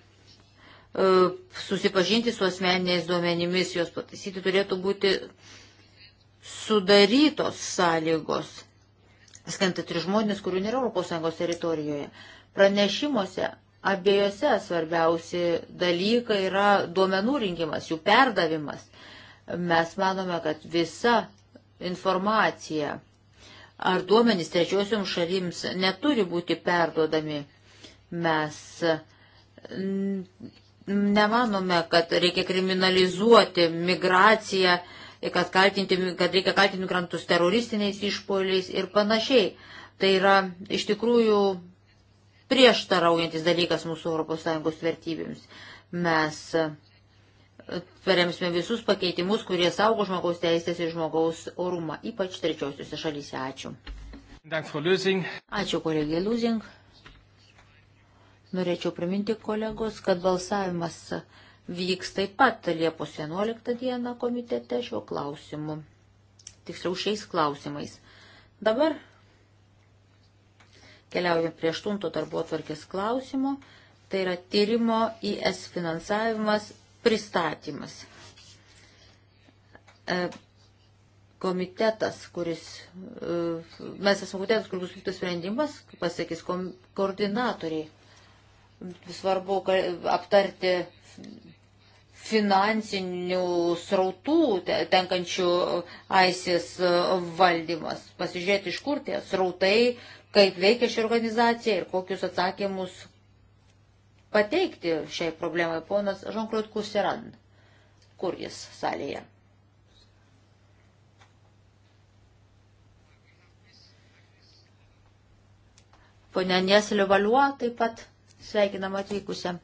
susipažinti su asmeniniais duomenimis, juos pataisyti turėtų būti sudarytos sąlygos, skaitant ir žmonės, kurių nėra ES teritorijoje. Pranešimuose Abiejose svarbiausi dalykai yra duomenų rinkimas, jų perdavimas. Mes manome, kad visa informacija ar duomenys trečiosiom šalims neturi būti perduodami. Mes mm, nemanome, kad reikia kriminalizuoti migraciją, kad, kaltinti, kad reikia kaltinti migrantus teroristiniais išpoliais ir panašiai. Tai yra iš tikrųjų prieštaraujantis dalykas mūsų ES vertybėms. Mes e, paremsime visus pakeitimus, kurie saugo žmogaus teisės ir žmogaus orumą, ypač trečiosiuose šalyse. Ačiū. Ačiū kolegė Lūzing. Norėčiau priminti kolegos, kad balsavimas vyks taip pat Liepos 11 dieną komitete šiuo klausimu. Tiksliau šiais klausimais. Dabar Keliaujame prie aštunto darbo atvarkės klausimo. Tai yra tyrimo IS finansavimas pristatymas. E, komitetas, kuris, e, mes esame komitetas, kur bus kitas sprendimas, pasakys koordinatoriai. Svarbu aptarti finansinių srautų tenkančių AISIS valdymas. Pasižiūrėti, iš kur tie srautai kaip veikia ši organizacija ir kokius atsakymus pateikti šiai problemai ponas Jean-Claude Kuseran. Kur jis salėje? Pone Neslio Valiuo taip pat sveikinam atvykusiam.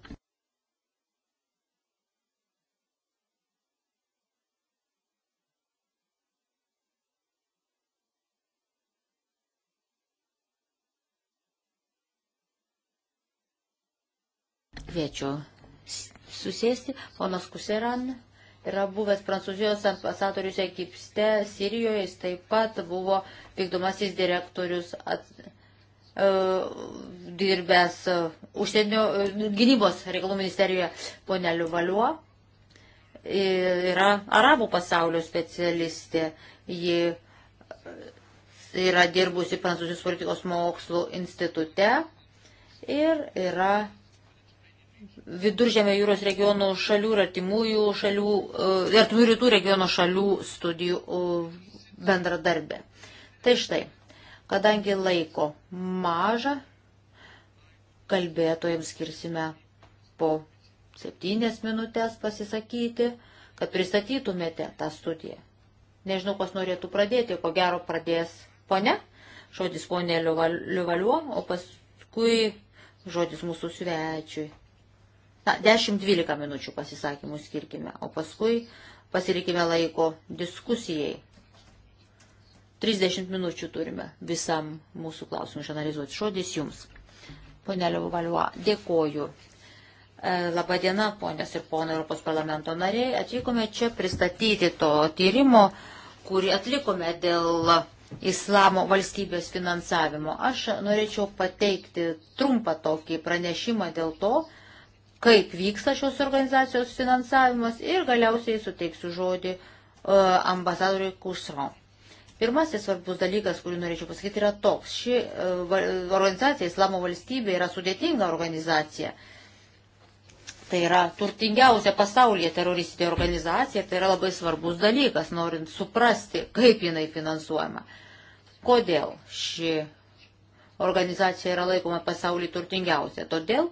Kviečiu susėsti. Ponas Kuseran yra buvęs Prancūzijos ambasadorius Egipste, Sirijoje, jis taip pat buvo vykdomasis direktorius at, e, dirbęs e, užsienio e, gynybos reikalų ministerijoje ponelių Valiuo. E, yra arabų pasaulio specialistė. Ji e, yra dirbusi Prancūzijos politikos mokslų institute ir yra viduržėmio jūros regionų šalių ir artimųjų šalių, e, ir artimųjų rytų regiono šalių studijų e, bendradarbė. Tai štai, kadangi laiko maža, kalbėtojams skirsime po septynės minutės pasisakyti, kad pristatytumėte tą studiją. Nežinau, kas norėtų pradėti, ko gero pradės pone, žodis ponė Liuvaliuo, o paskui žodis mūsų svečiui. 10-12 minučių pasisakymų skirkime, o paskui pasilikime laiko diskusijai. 30 minučių turime visam mūsų klausimui išanalizuoti. Šodis jums. Pone Liuvaliuo, dėkoju. E, labadiena, ponės ir ponai Europos parlamento nariai. Atvykome čia pristatyti to tyrimo, kurį atlikome dėl islamo valstybės finansavimo. Aš norėčiau pateikti trumpą tokį pranešimą dėl to, kaip vyksta šios organizacijos finansavimas ir galiausiai suteiksiu žodį e, ambasadoriui Kusro. Pirmasis svarbus dalykas, kurį norėčiau pasakyti, yra toks. Ši e, organizacija, Islamo valstybė, yra sudėtinga organizacija. Tai yra turtingiausia pasaulyje teroristinė organizacija, tai yra labai svarbus dalykas, norint suprasti, kaip jinai finansuojama. Kodėl ši organizacija yra laikoma pasaulyje turtingiausia? Todėl,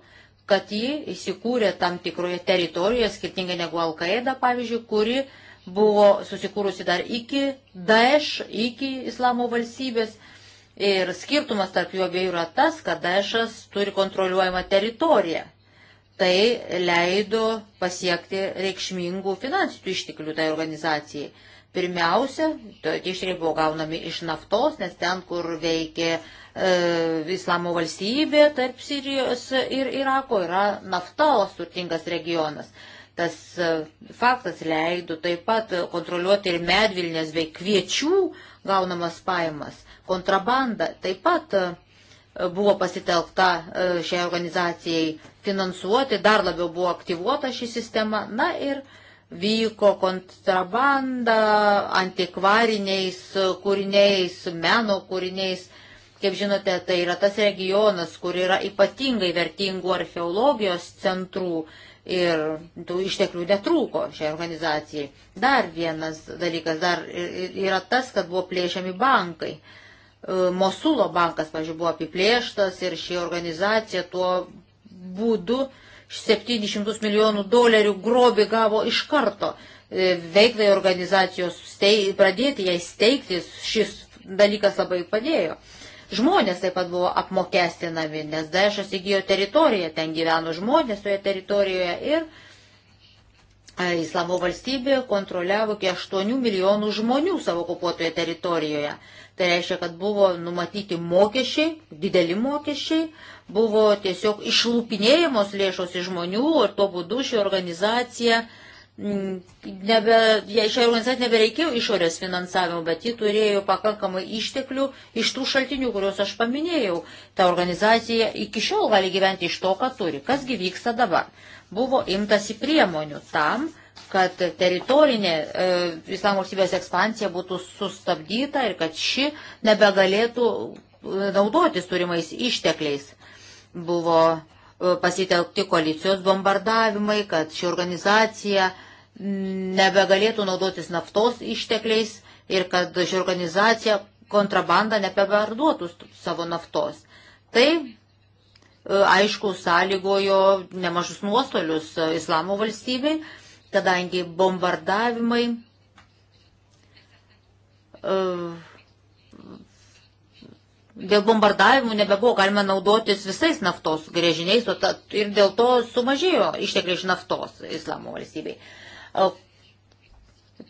kad ji įsikūrė tam tikroje teritorijoje, skirtingai negu Al-Qaeda, pavyzdžiui, kuri buvo susikūrusi dar iki Daesh, iki Islamo valstybės. Ir skirtumas tarp jų abiejų yra tas, kad Daešas turi kontroliuojamą teritoriją. Tai leido pasiekti reikšmingų finansinių išteklių tai organizacijai. Pirmiausia, tie ištekliai buvo gaunami iš naftos, nes ten, kur veikė uh, E, islamo valstybė tarp Sirijos ir Irako yra naftos turtingas regionas. Tas e, faktas leido taip pat kontroliuoti ir medvilnės bei kviečių gaunamas pajamas. Kontrabanda taip pat e, buvo pasitelkta šiai organizacijai finansuoti, dar labiau buvo aktyvuota ši sistema. Na ir vyko kontrabanda antikvariniais kūriniais, meno kūriniais Kaip žinote, tai yra tas regionas, kur yra ypatingai vertingų archeologijos centrų ir tų išteklių netrūko šiai organizacijai. Dar vienas dalykas dar yra tas, kad buvo plėšiami bankai. E, Mosulo bankas, pažiūrėjau, buvo apiplėštas ir ši organizacija tuo būdu 700 milijonų dolerių grobi gavo iš karto. E, veiklai organizacijos stei, pradėti jai steigtis šis dalykas labai padėjo. Uh, Žmonės taip pat buvo apmokestinami, nes Daešas įgyjo teritoriją, ten gyveno žmonės toje teritorijoje ir e, Islamo valstybė kontroliavo iki 8 milijonų žmonių savo okupuotoje teritorijoje. Tai reiškia, kad buvo numatyti mokesčiai, dideli mokesčiai, buvo tiesiog išlūpinėjamos lėšos iš žmonių ir tuo būdu ši organizacija uh, Mm, nebe, jai šiai organizacijai nebereikėjo išorės finansavimo, bet ji turėjo pakankamai išteklių iš tų šaltinių, kuriuos aš paminėjau. Ta organizacija iki šiol gali gyventi iš to, ką turi. Kasgi vyksta dabar? Buvo imtasi priemonių tam, kad teritorinė e, islamo valstybės ekspansija būtų sustabdyta ir kad ši nebegalėtų e, naudotis turimais ištekliais. Buvo e, pasitelkti koalicijos bombardavimai, kad ši organizacija nebegalėtų naudotis naftos ištekliais ir kad ši organizacija kontrabandą nebeparduotų savo naftos. Tai e, aišku, sąlygojo nemažus nuostolius e, islamo valstybei, kadangi bombardavimai e, dėl bombardavimų nebebuvo galima naudotis visais naftos grėžiniais, o ta, ir dėl to sumažėjo ištekliai iš naftos islamo valstybei.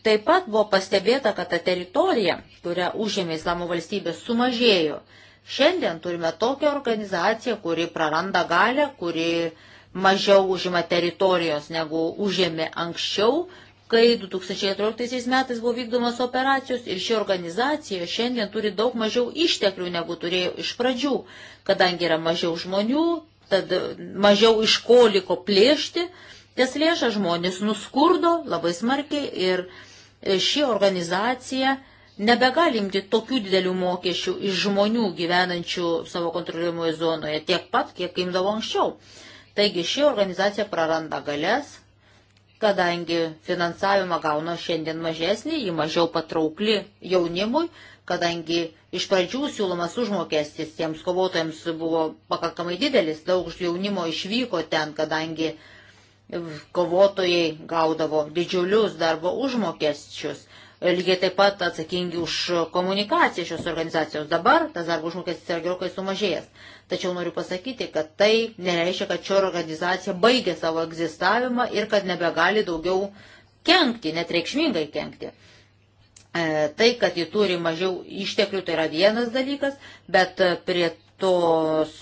Taip pat buvo pastebėta, kad ta teritorija, kurią užėmė Islamo valstybė, sumažėjo. Šiandien turime tokią organizaciją, kuri praranda galę, kuri mažiau užima teritorijos negu užėmė anksčiau, kai 2014 metais buvo vykdomas operacijos ir ši organizacija šiandien turi daug mažiau išteklių negu turėjo iš pradžių, kadangi yra mažiau žmonių, tad mažiau iš ko liko plėšti Tas lėšas žmonės nuskurdo labai smarkiai ir e, ši organizacija nebegali imti tokių didelių mokesčių iš žmonių gyvenančių savo kontroliuojamoje zonoje tiek pat, kiek imdavo anksčiau. Taigi ši organizacija praranda galės, kadangi finansavimą gauna šiandien mažesnį, ji mažiau patraukli jaunimui, kadangi iš pradžių siūlomas užmokestis tiems kovotojams buvo pakankamai didelis, daug jaunimo išvyko ten, kadangi uh, kovotojai gaudavo didžiulius darbo užmokesčius. Lygiai taip pat atsakingi už komunikaciją šios organizacijos. Dabar tas darbo užmokestis yra gerokai sumažėjęs. Tačiau noriu pasakyti, kad tai nereiškia, kad šio organizacija baigė savo egzistavimą ir kad nebegali daugiau kenkti, net reikšmingai kenkti. E, tai, kad ji turi mažiau išteklių, tai yra vienas dalykas, bet prie tos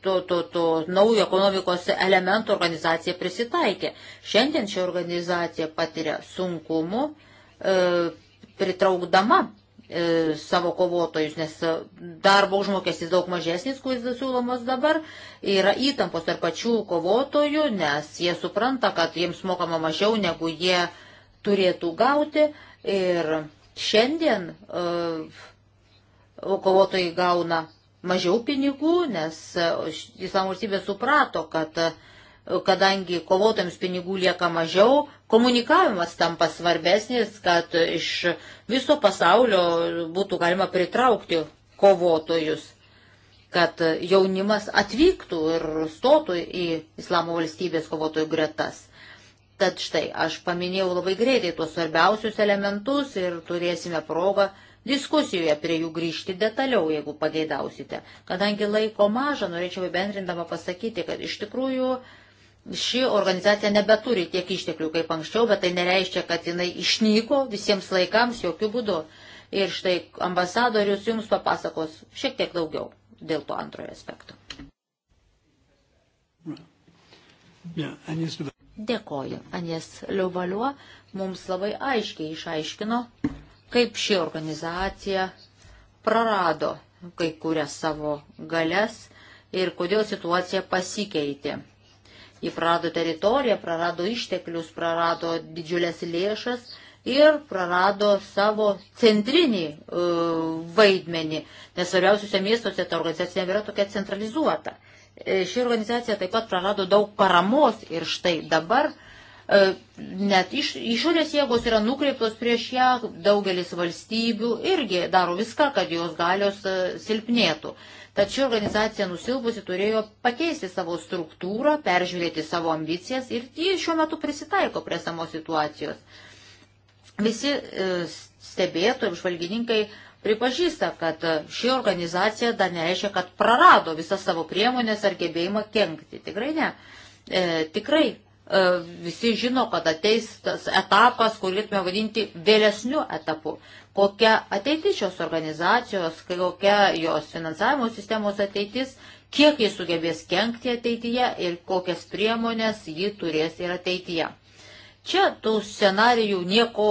to, to, to naujo ekonomikos elemento organizacija prisitaikė. Šiandien ši organizacija patiria sunkumų e, pritraukdama e, savo kovotojus, nes darbo užmokestis daug mažesnis, kuris siūlomas dabar, yra įtampos tarp pačių kovotojų, nes jie supranta, kad jiems mokama mažiau, negu jie turėtų gauti. Ir šiandien e, kovotojai gauna mažiau pinigų, nes e, Islamo valstybė suprato, kad e, kadangi kovotojams pinigų lieka mažiau, komunikavimas tampa svarbesnis, kad iš viso pasaulio būtų galima pritraukti kovotojus, kad jaunimas atvyktų ir stotų į Islamo valstybės kovotojų gretas. Tad štai, aš paminėjau labai greitai tuos svarbiausius elementus ir turėsime progą uh, diskusijoje prie jų grįžti detaliau, jeigu pageidausite. Kadangi laiko maža, norėčiau įbendrindama pasakyti, kad iš tikrųjų ši organizacija nebeturi tiek išteklių kaip anksčiau, bet tai nereiškia, kad jinai išnyko visiems laikams jokių būdų. Ir štai ambasadorius jums papasakos šiek tiek daugiau dėl to antrojo aspekto. Dėkoju. Anės Liuvaliuo mums labai aiškiai išaiškino, kaip ši organizacija prarado kai kurias savo galias ir kodėl situacija pasikeitė. Ji prarado teritoriją, prarado išteklius, prarado didžiulės lėšas ir prarado savo centrinį e, vaidmenį, nes svarbiausiuose miestuose ta organizacija nebėra tokia centralizuota. E, ši organizacija taip pat prarado daug paramos ir štai dabar e, E, net iš, išorės jėgos yra nukreiptos prieš ją, daugelis valstybių irgi daro viską, kad jos galios e, silpnėtų. Tačiau organizacija nusilpusi turėjo pakeisti savo struktūrą, peržiūrėti savo ambicijas ir ji šiuo metu prisitaiko prie samos situacijos. Visi e, stebėtojai, apžvalgininkai pripažįsta, kad ši organizacija dar nereiškia, kad prarado visas savo priemonės ar gebėjimą kenkti. Tikrai ne. E, tikrai E, visi žino, kad ateis tas etapas, kurį galėtume vadinti vėlesniu etapu. Kokia ateitis šios organizacijos, kokia jos finansavimo sistemos ateitis, kiek jis sugebės kenkti ateityje ir kokias priemonės ji turės ir ateityje. Čia tų scenarijų nieko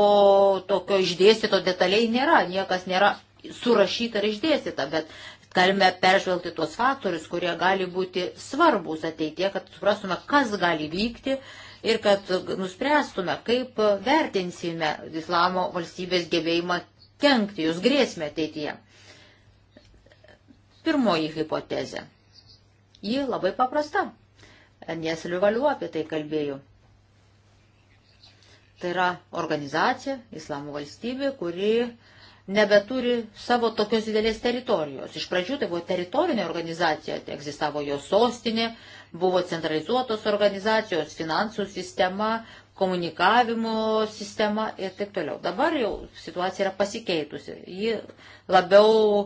tokio išdėstyto detaliai nėra, niekas nėra surašyta ir išdėstyta, bet galime peržvelgti tuos faktorius, kurie gali būti svarbus ateitie, kad suprastume, kas gali vykti ir kad nuspręstume, kaip vertinsime islamo valstybės gebėjimą kenkti jūs grėsmę ateityje. Pirmoji hipotezė. Ji labai paprasta. Enies Liuvaliu apie tai kalbėjau. Tai yra organizacija, islamo valstybė, kuri uh, nebeturi savo tokios didelės teritorijos. Iš pradžių tai buvo teritorinė organizacija, tai egzistavo jos sostinė, buvo centralizuotos organizacijos, finansų sistema, komunikavimo sistema ir taip toliau. Dabar jau situacija yra pasikeitusi. Ji labiau, e,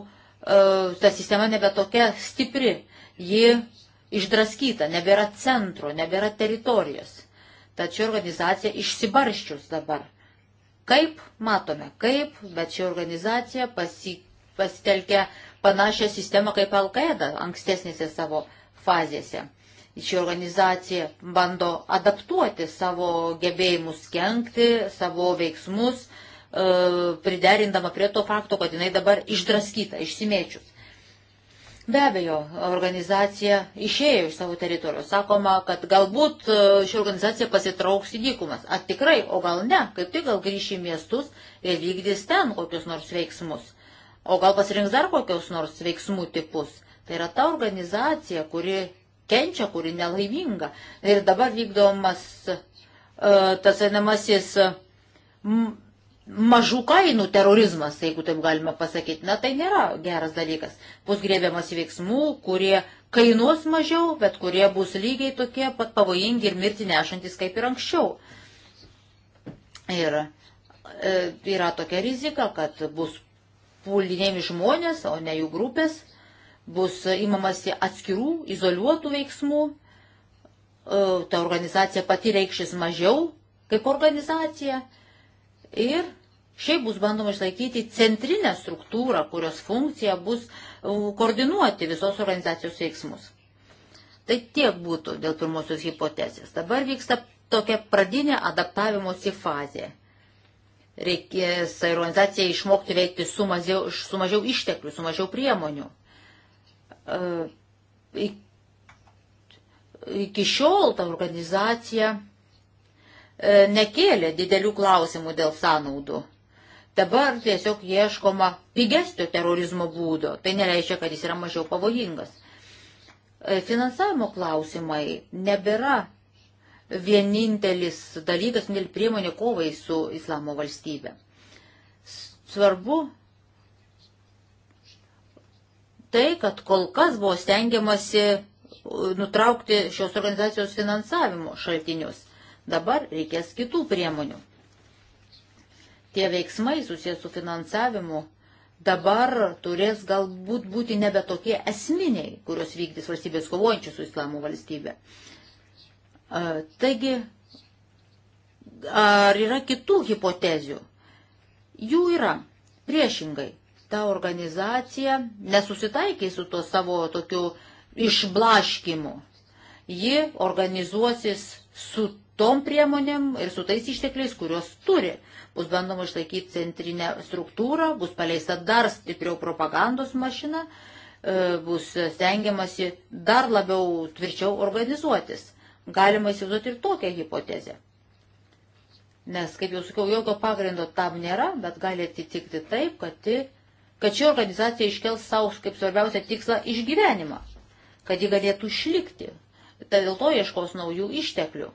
ta sistema nebe tokia stipri, ji išdraskyta, nebėra centro, nebėra teritorijos. Tačiau organizacija išsibarščius dabar Kaip matome, kaip, bet ši organizacija pasi, pasitelkia panašią sistemą kaip Al-Qaeda ankstesnėse savo fazėse. Ši organizacija bando adaptuoti savo gebėjimus kenkti, savo veiksmus, e, priderindama prie to fakto, kad jinai dabar išdraskyta, išsimėčius. Be abejo, organizacija išėjo iš savo teritorijos. Sakoma, kad galbūt e, ši organizacija pasitrauks į dykumas. Ar tikrai, o gal ne, kaip tik gal grįš į miestus ir vykdys ten kokius nors veiksmus. O gal pasirinks dar kokius nors veiksmų tipus. Tai yra ta organizacija, kuri kenčia, kuri nelaiminga. Ir dabar vykdomas uh, tas einamasis. Uh, mažų kainų terorizmas, jeigu taip galima pasakyti. Na tai nėra geras dalykas. Bus grėbiamas veiksmų, kurie kainuos mažiau, bet kurie bus lygiai tokie pat pavojingi ir mirti nešantis kaip ir anksčiau. Ir e, yra tokia rizika, kad bus pulinėjami žmonės, o ne jų grupės, bus imamasi atskirų, izoliuotų veiksmų, e, ta organizacija pati reikšis mažiau kaip organizacija. E, Ir šiaip bus bandoma išlaikyti centrinę struktūrą, kurios funkcija bus koordinuoti visos organizacijos veiksmus. Tai tiek būtų dėl pirmosios hipotezės. Dabar vyksta tokia pradinė adaptavimosi fazė. Reikės organizacijai išmokti veikti su mažiau, su mažiau išteklių, su mažiau priemonių. E, iki šiol ta organizacija E, nekėlė didelių klausimų dėl sąnaudų. Dabar tiesiog ieškoma pigesnio terorizmo būdo. Tai nereiškia, kad jis yra mažiau pavojingas. E, finansavimo klausimai nebėra vienintelis dalykas, vienintelė priemonė kovai su islamo valstybė. Svarbu tai, kad kol kas buvo stengiamasi nutraukti šios organizacijos finansavimo šaltinius. Dabar reikės kitų priemonių. Tie veiksmai susijęs su finansavimu dabar turės galbūt būti nebe tokie esminiai, kurios vykdys valstybės kovojančių su islamo valstybė. E, taigi, ar yra kitų hipotezių? Jų yra. Priešingai, ta organizacija nesusitaikė su to savo tokiu išblaškimu. Ji organizuosis su tom priemonėm ir su tais ištekliais, kuriuos turi. Bus bandoma išlaikyti centrinę struktūrą, bus paleista dar stipriau propagandos mašina, e, bus stengiamasi dar labiau tvirčiau organizuotis. Galima įsivaizduoti ir tokią hipotezę. Nes, kaip jau sakiau, jokio pagrindo tam nėra, bet gali atitikti taip, kad, ti, kad ši organizacija iškels savo kaip svarbiausią tikslą išgyvenimą, kad ji galėtų išlikti. Tai dėl to ieškos naujų išteklių.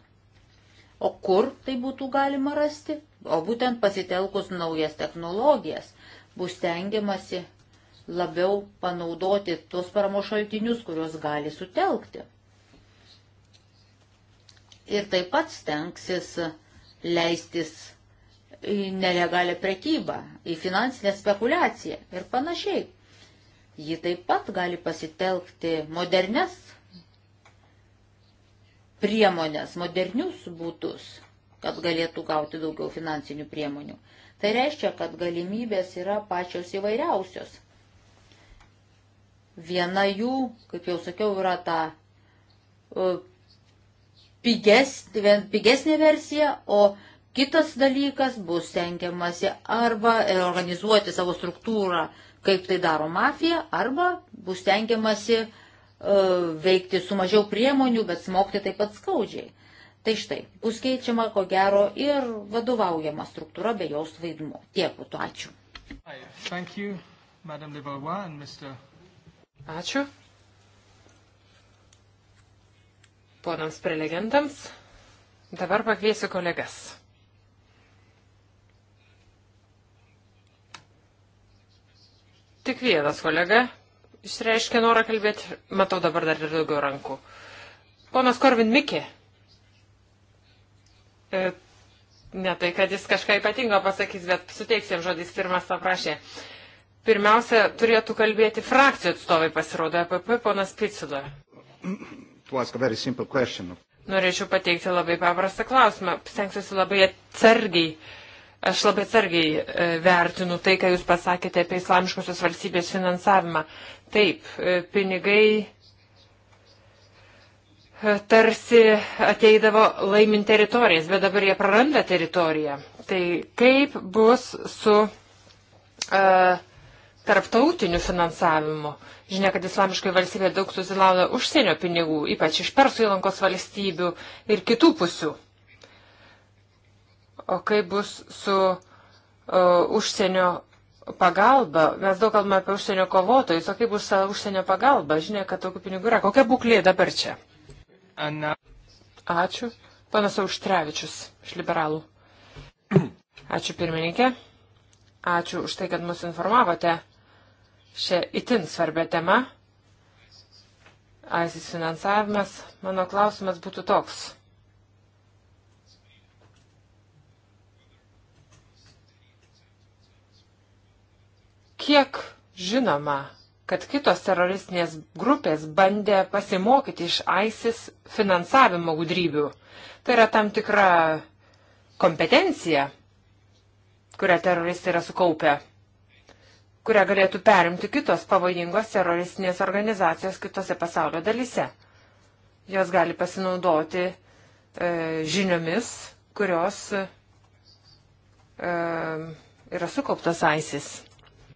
O kur tai būtų galima rasti? O būtent pasitelkus naujas technologijas bus tengiamasi labiau panaudoti tuos paramos šaltinius, kuriuos gali sutelkti. Ir taip pat stengsis leistis į nelegalią prekybą, į finansinę spekulaciją ir panašiai. Ji taip pat gali pasitelkti modernes priemonės, modernius būtus, kad galėtų gauti daugiau finansinių priemonių. Tai reiškia, kad galimybės yra pačios įvairiausios. Viena jų, kaip jau sakiau, yra ta e, piges, pigesnė versija, o kitas dalykas bus tenkiamasi arba organizuoti savo struktūrą, kaip tai daro mafija, arba bus tenkiamasi uh, E, veikti su mažiau priemonių, bet smogti taip pat skaudžiai. Tai štai, bus keičiama ko gero ir vadovaujama struktūra bei jos vaidmuo. Tiek būtų, ačiū. You, Mr... Ačiū. Ponams prelegentams, dabar pakviesiu kolegas. Tik vienas kolega išreiškė norą kalbėti. Matau dabar dar ir daugiau rankų. Ponas Korvin Mikė. E, ne tai, kad jis kažką ypatingo pasakys, bet suteiksim žodis pirmas paprašė. Pirmiausia, turėtų kalbėti frakcijų atstovai, pasirodo, APP, e ponas Picula. Norėčiau pateikti labai paprastą klausimą. Stengsiuosi labai atsargiai Aš labai atsargiai e, vertinu tai, ką Jūs pasakėte apie islamiškosios valstybės finansavimą. Taip, e, pinigai e, tarsi ateidavo laimint teritorijas, bet dabar jie praranda teritoriją. Tai kaip bus su uh, tarptautiniu finansavimu? Žinia, kad islamiškai valstybė daug susilauda užsienio pinigų, ypač iš Persų įlankos valstybių ir kitų pusių. O kaip bus su uh, užsienio pagalbą, mes daug kalbame apie užsienio kovotojus, o kaip bus užsienio pagalba, žinia, kad tokių pinigų yra. Kokia būklė dabar čia? Ana. Ačiū. Panas Auštrevičius iš liberalų. Ačiū pirmininkė. Ačiū už tai, kad mus informavote šią itin svarbę temą. ASIS finansavimas. Mano klausimas būtų toks. kiek žinoma, kad kitos teroristinės grupės bandė pasimokyti iš ISIS finansavimo gudrybių. Tai yra tam tikra kompetencija, kurią teroristai yra sukaupę, kurią galėtų perimti kitos pavojingos teroristinės organizacijos kitose pasaulio dalyse. Jos gali pasinaudoti e, žiniomis, kurios e, yra sukauptos ISIS.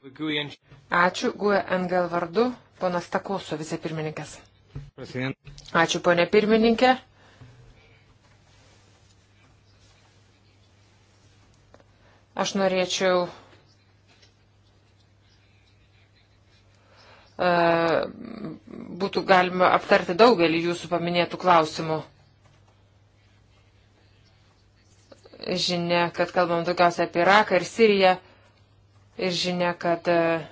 Ačiū, GUE NGL vardu, ponas Takoso, vicepirmininkas. Ačiū, ponė pirmininkė. Aš norėčiau e, būtų galima aptarti daugelį jūsų paminėtų klausimų. Žinia, kad kalbam daugiausia apie Iraką ir Siriją ir žinia, kad e,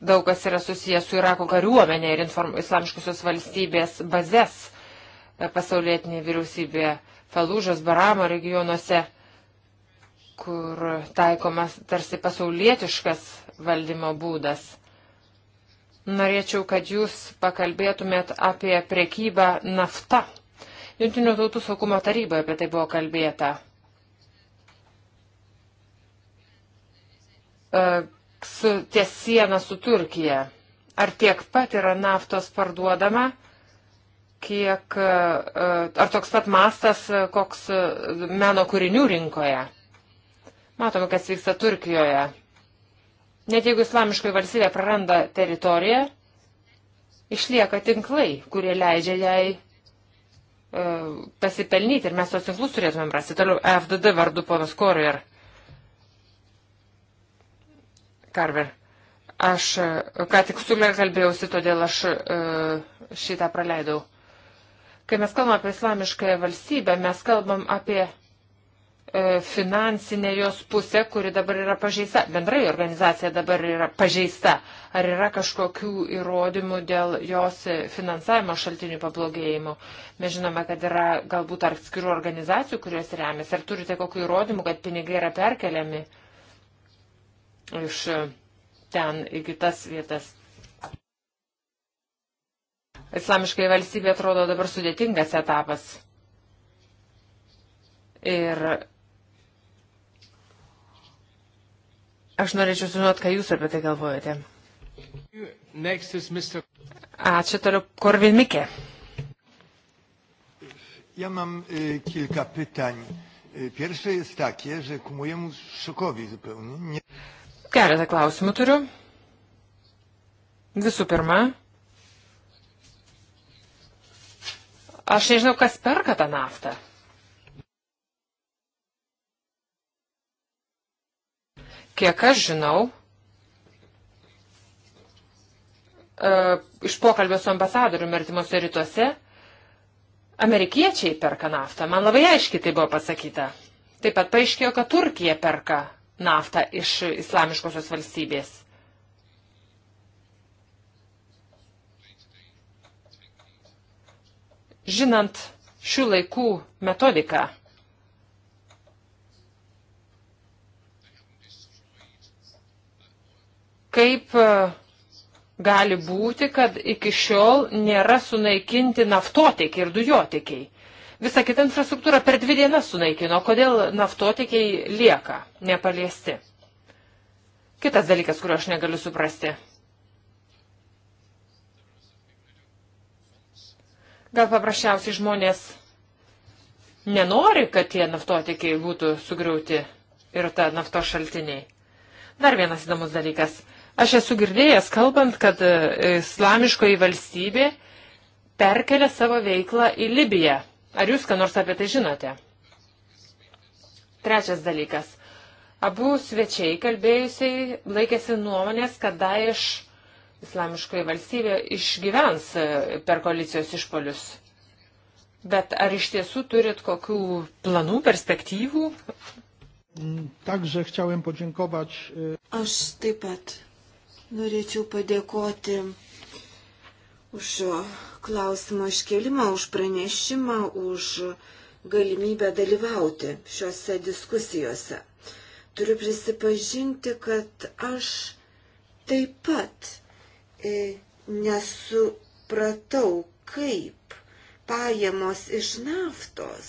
daug kas yra susijęs su Irako kariuomenė ir islamiškusios valstybės bazės e, pasaulietinėje vyriausybėje Falūžos Baramo regionuose, kur taikomas tarsi pasaulietiškas valdymo būdas. Norėčiau, kad jūs pakalbėtumėt apie prekybą nafta. Junktinių tautų saugumo taryboje apie tai buvo kalbėta. E, su ties siena su Turkija. Ar tiek pat yra naftos parduodama, kiek, e, e, ar toks pat mastas, koks meno kūrinių rinkoje? Matome, kas vyksta Turkijoje. Net jeigu islamiškai valstybė praranda teritoriją, išlieka tinklai, kurie leidžia jai e, pasipelnyti ir mes tos tinklus turėtumėm rasti. Toliau FDD vardu ponas Korir. Karver. Aš e, ką tik su Mer kalbėjausi, todėl aš e, šitą praleidau. Kai mes kalbam apie islamiškąją valstybę, mes kalbam apie e, finansinė jos pusė, kuri dabar yra pažeista. Bendrai organizacija dabar yra pažeista. Ar yra kažkokių įrodymų dėl jos finansavimo šaltinių pablogėjimų? Mes žinome, kad yra galbūt atskirų organizacijų, kurios remiasi. Ar turite kokių įrodymų, kad pinigai yra perkeliami? Uh, iš e, ten į kitas vietas. Islamiškai valstybė atrodo dabar sudėtingas etapas. Ir aš norėčiau sužinoti, ką jūs apie tai galvojate. Ačiū toliau, Korvin Mikė. Ja mam y, e, kilka pytań. E, pierwsze jest takie, że ku mojemu szokowi zupełnie nie. Keletą klausimų turiu. Visų pirma, aš nežinau, kas perka tą naftą. Kiek aš žinau, e, iš pokalbio su ambasadoriumi artimuose rytuose, amerikiečiai perka naftą. Man labai aiškiai tai buvo pasakyta. Taip pat paaiškėjo, kad Turkija perka naftą iš islamiškosios valstybės. Žinant šių laikų metodiką, kaip e, gali būti, kad iki šiol nėra sunaikinti naftotiekiai ir dujotekiai. Visa kita infrastruktūra per dvi dienas sunaikino. Kodėl naftotiekiai lieka nepaliesti? Kitas dalykas, kurio aš negaliu suprasti. Gal paprasčiausiai žmonės nenori, kad tie naftotiekiai būtų sugriauti ir ta nafto šaltiniai. Dar vienas įdomus dalykas. Aš esu girdėjęs, kalbant, kad e, islamiškoji valstybė perkelia savo veiklą į Libiją. Ar jūs ką nors apie tai žinote? Trečias dalykas. Abu svečiai kalbėjusiai laikėsi nuomonės, kad Daesh islamiškoji valstybė išgyvens e, per koalicijos išpolius. Bet ar iš tiesų turit kokių planų, perspektyvų? Także chciałem podziękować. E, Aš taip pat norėčiau padėkoti už šio klausimo iškelimą, už pranešimą, už galimybę dalyvauti šiuose diskusijose. Turiu prisipažinti, kad aš taip pat e, nesupratau, kaip pajamos iš naftos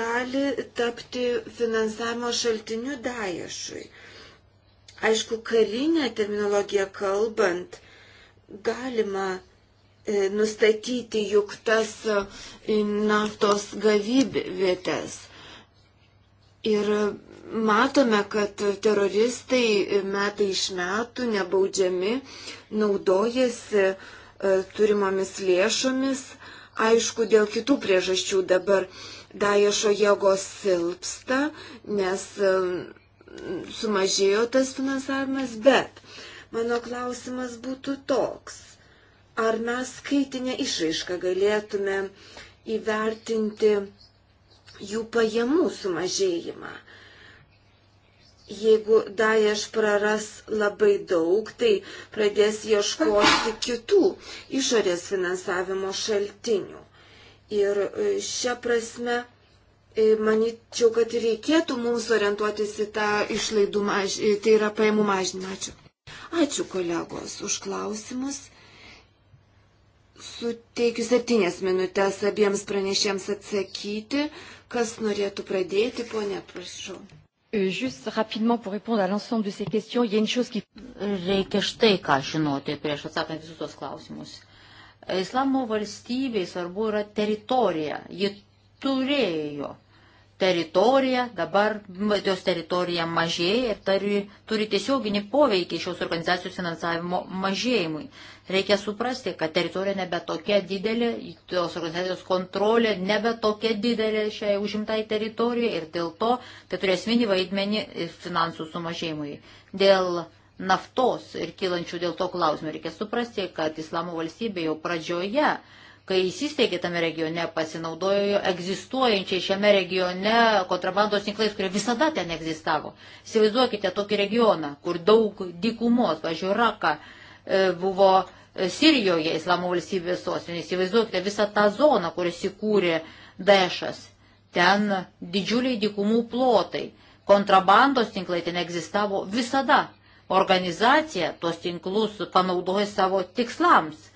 gali tapti finansavimo šaltiniu Daješui. Aišku, karinė terminologija kalbant, galima e, nustatyti juk tas e, naftos gavybvietės. Ir matome, kad teroristai metai iš metų nebaudžiami naudojasi e, turimomis lėšomis, aišku, dėl kitų priežasčių dabar Daješo jėgos silpsta, nes sumažėjo tas finansavimas, bet Mano klausimas būtų toks. Ar mes skaitinę išraišką galėtume įvertinti jų pajamų sumažėjimą? Jeigu Daesh praras labai daug, tai pradės ieškoti kitų išorės finansavimo šaltinių. Ir e, šią prasme e, manyčiau, kad reikėtų mums orientuotis į tą išlaidų mažinimą, e, tai yra pajamų mažinimą. Ačiū. Ačiū kolegos už klausimus. Suteikiu septynės minutės abiems pranešėms atsakyti. Kas norėtų pradėti, ponė, prašau. E, Juste rapidement pour répondre à l'ensemble de ces questions, il y a une chose qui... Reikia štai ką žinoti prieš atsakant visus tos klausimus. Islamo valstybei svarbu yra teritorija. Ji turėjo uh, teritorija, dabar jos teritorija mažėja ir tari, turi tiesioginį poveikį šios organizacijos finansavimo mažėjimui. Reikia suprasti, kad teritorija nebe tokia didelė, tos organizacijos kontrolė nebe tokia didelė šiai užimtai teritorijai ir dėl to tai turės minį vaidmenį finansų sumažėjimui. Dėl naftos ir kylančių dėl to klausimų reikia suprasti, kad Islamo valstybė jau pradžioje kai įsisteigė tame regione, pasinaudojo egzistuojančiai šiame regione kontrabandos tinklais, kurie visada ten egzistavo. Įsivaizduokite tokį regioną, kur daug dykumos, važiuoju, Raka e, buvo e, Sirijoje Islamo valstybės sostinė. Įsivaizduokite visą tą zoną, kur įsikūrė Dešas. Ten didžiuliai dykumų plotai. Kontrabandos tinklai ten egzistavo visada. Organizacija tuos tinklus panaudoja savo tikslams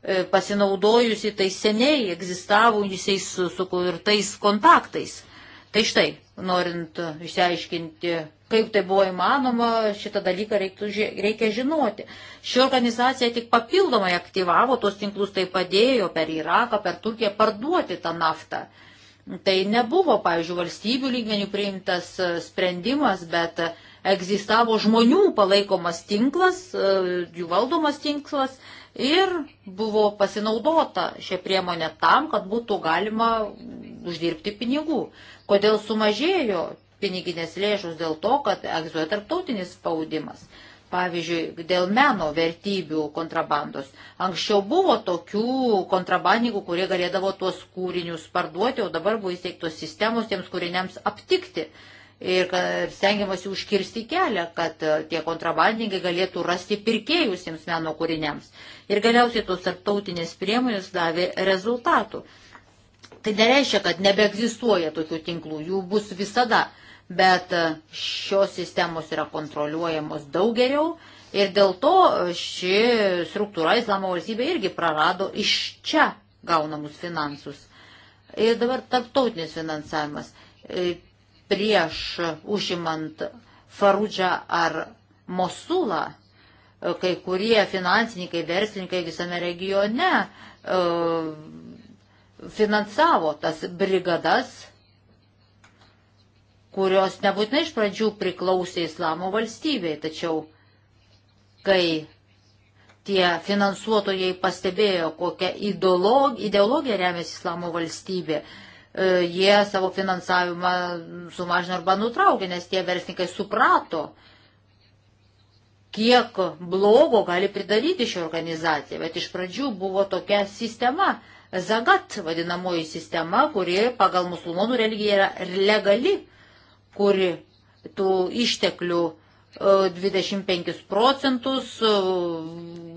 E, pasinaudojusi tais seniai egzistavusiais sukurtais kontaktais. Tai štai, norint išsiaiškinti, kaip tai buvo įmanoma, šitą dalyką reiktų, reikia žinoti. Ši organizacija tik papildomai aktyvavo tos tinklus, tai padėjo per Iraką, per Turkiją parduoti tą naftą. Tai nebuvo, pavyzdžiui, valstybių lygmenių priimtas e, sprendimas, bet egzistavo žmonių palaikomas tinklas, e, jų valdomas tinklas ir buvo pasinaudota šią priemonę tam, kad būtų galima uždirbti pinigų. Kodėl sumažėjo piniginės lėšos dėl to, kad egzistuoja tarptautinis spaudimas. Pavyzdžiui, dėl meno vertybių kontrabandos. Anksčiau buvo tokių kontrabandininkų, kurie galėdavo tuos kūrinius parduoti, o dabar buvo įsteigtos sistemos tiems kūriniams aptikti ir stengiamasi užkirsti kelią, kad e, tie kontrabandininkai galėtų rasti pirkėjus jiems meno kūriniams. Ir galiausiai tos tarptautinės priemonės davė rezultatų. Tai nereiškia, kad nebeegzistuoja tokių tinklų, jų bus visada, bet e, šios sistemos yra kontroliuojamos daug geriau ir dėl to e, ši struktūra Islamo valstybė irgi prarado iš čia gaunamus finansus. Ir dabar tarptautinis finansavimas prieš užimant Farudžą ar Mosulą, e, kai kurie finansininkai, verslininkai visame regione e, finansavo tas brigadas, kurios nebūtinai iš pradžių priklausė Islamo valstybei, tačiau kai tie finansuotojai pastebėjo, kokią ideologiją remiasi Islamo valstybė, E, jie savo finansavimą sumažino arba nutraukė, nes tie verslininkai suprato, kiek blogo gali pridaryti ši organizacija. Bet iš pradžių buvo tokia sistema, zagat vadinamoji sistema, kuri pagal musulmonų religiją yra legali, kuri tų išteklių 25 e, procentus e,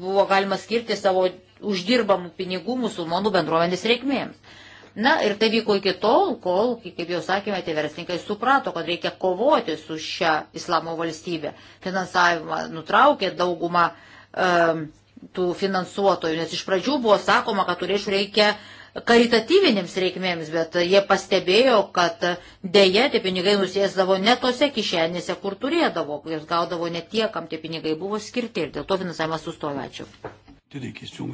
buvo galima skirti savo uždirbamų pinigų musulmonų bendruomenės reikmėms. Na ir tai vyko iki tol, kol, kaip jau sakėme, tie verslininkai suprato, kad reikia kovoti su šia islamo valstybė. Finansavimą nutraukė daugumą um, tų finansuotojų, nes iš pradžių buvo sakoma, kad tų lėšų reikia karitatyvinėms reikmėms, bet jie pastebėjo, kad dėje tie pinigai nusėsdavo ne tose kišenėse, kur turėdavo, kurios gaudavo ne tie, kam tie pinigai buvo skirti ir dėl to finansavimas sustojo. Ačiū.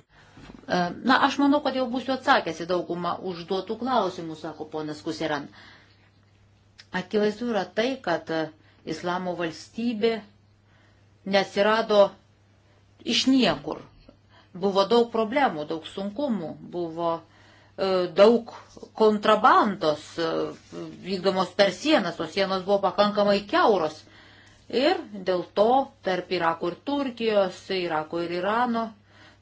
E, na, aš manau, kad jau būsiu atsakęs į daugumą užduotų klausimų, sako ponas Kusiran. Akivaizdu yra tai, kad e, islamo valstybė nesirado iš niekur. Buvo daug problemų, daug sunkumų, buvo e, daug kontrabandos vykdomos per sienas, tos sienos buvo pakankamai keuros. Ir dėl to tarp Irako ir Turkijos, Irako ir Irano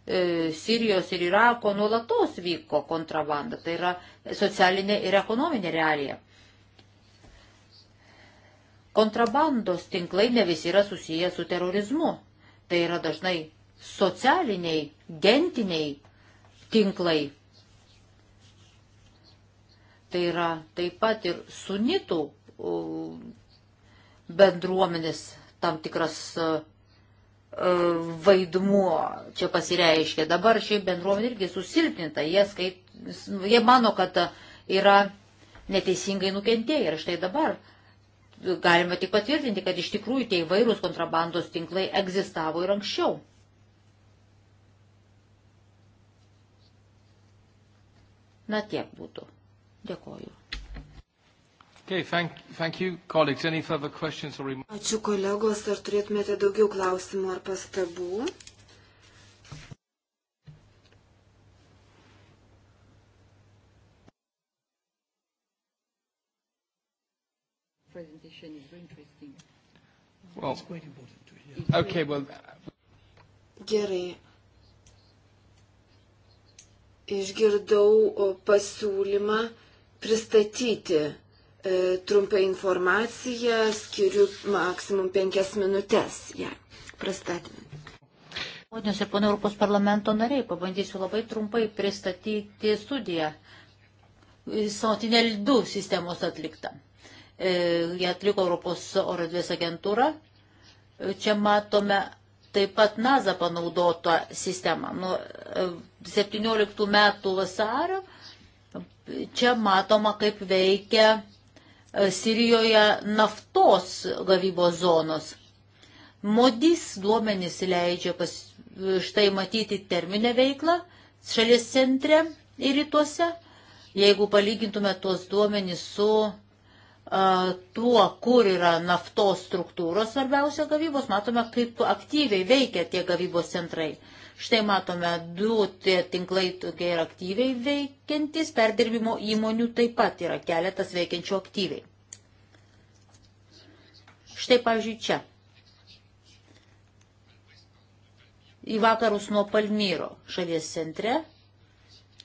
E, Sirijos ir Irako nuolatos vyko kontrabanda. Tai yra socialinė ir ekonominė realija. Kontrabandos tinklai ne visi yra susiję su terorizmu. Tai yra dažnai socialiniai, gentiniai tinklai. Tai yra taip pat ir sunitų bendruomenės tam tikras e, E, vaidmuo čia pasireiškia. Dabar šiaip bendruomenė irgi susilpninta, jie, skait, jie mano, kad yra neteisingai nukentėję ir štai dabar galima tik patvirtinti, kad iš tikrųjų tie įvairūs kontrabandos tinklai egzistavo ir anksčiau. Na tiek būtų. Dėkoju. Okay, thank, thank you, colleagues. Any further questions or remarks? Ačiū kolegos, ar turėtumėte daugiau klausimų ar pastabų? Presentation is very interesting. Well, it's quite important to hear. Okay, well. Gerai. Išgirdau pasiūlymą pristatyti E, trumpą informaciją, skiriu maksimum penkias minutės ją ja, pristatymą. Ponios ir ponai Europos parlamento nariai, pabandysiu labai trumpai pristatyti studiją. E, Sentinel 2 sistemos atlikta. E, jie atliko Europos oro erdvės agentūra. E, čia matome taip pat NASA panaudotą sistemą. Nuo 17 metų vasario čia matoma, kaip veikia E, Sirijoje naftos gavybos zonos. Modis duomenys leidžia pas, štai matyti terminę veiklą šalies centre ir rytuose. Jeigu palygintume tuos duomenys su tuo, kur yra naftos struktūros svarbiausia gavybos, matome, kaip aktyviai veikia tie gavybos centrai. Štai matome du tie tinklai tokie ir aktyviai veikiantis, perdirbimo įmonių taip pat yra keletas veikiančių aktyviai. Štai, pavyzdžiui, čia. Į vakarus nuo Palmyro šalies centre.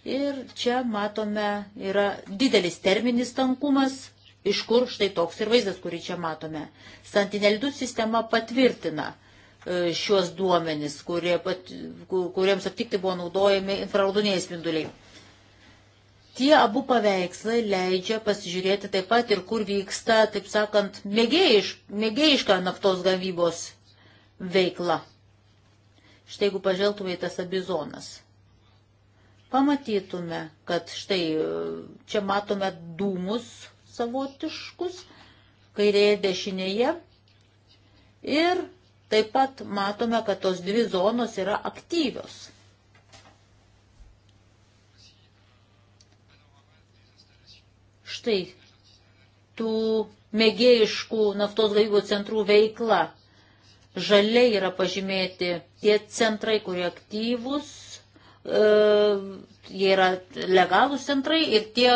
Ir čia matome, yra didelis terminis tankumas, iš kur štai toks ir vaizdas, kurį čia matome. Santinelidų sistema patvirtina e, šiuos duomenis, kurie pat, kuriems aptikti buvo naudojami infraraudonėjai spinduliai. Tie abu paveikslai leidžia pasižiūrėti taip pat ir kur vyksta, taip sakant, mėgėjiš, mėgėjiška naftos gavybos veikla. Štai jeigu pažvelgtume į tas abizonas, pamatytume, kad štai e, čia matome dūmus savotiškus kairėje dešinėje. Ir taip pat matome, kad tos dvi zonos yra aktyvios. Štai tų mėgėjiškų naftos laivų centrų veikla. Žaliai yra pažymėti tie centrai, kurie aktyvus E, jie yra legalūs centrai ir tie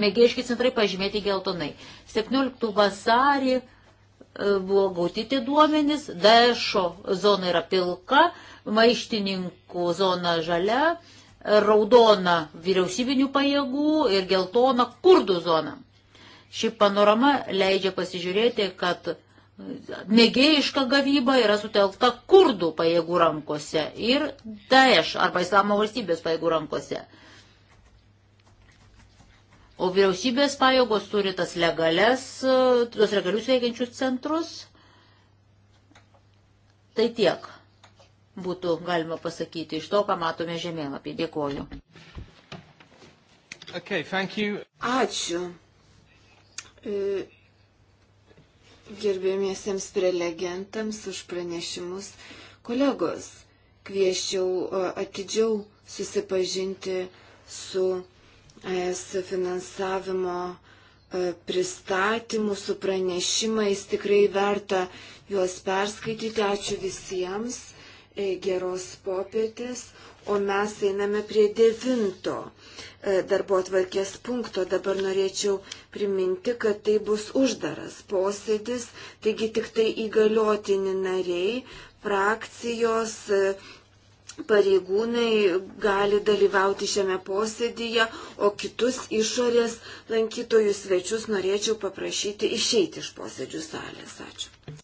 mėgėjiški centrai pažymėti geltonai. 17 vasarį e, buvo gauti tie duomenys, Daešo zona yra pilka, maištininkų zona žalia, raudona vyriausybinių pajėgų ir geltona kurdų zona. Ši panorama leidžia pasižiūrėti, kad mėgėjiška gavyba yra sutelkta kurdų pajėgų rankose ir Daesh arba Islamo valstybės pajėgų rankose. O vyriausybės pajėgos turi tas legales, tuos legalius veikiančius centrus. Tai tiek būtų galima pasakyti iš to, ką matome žemėlapį. Dėkuoju. Okay, Ačiū. E gerbėmiesiems prelegentams už pranešimus. Kolegos, kvieščiau e, atidžiau susipažinti su ES finansavimo e, pristatymų, su pranešimais. Tikrai verta juos perskaityti. Ačiū visiems. E, geros popietės. O mes einame prie devinto E, darbo atvarkės punkto. Dabar norėčiau priminti, kad tai bus uždaras posėdis, taigi tik tai įgaliotini nariai, frakcijos e, pareigūnai gali dalyvauti šiame posėdyje, o kitus išorės lankytojų svečius norėčiau paprašyti išeiti iš posėdžių salės. Ačiū.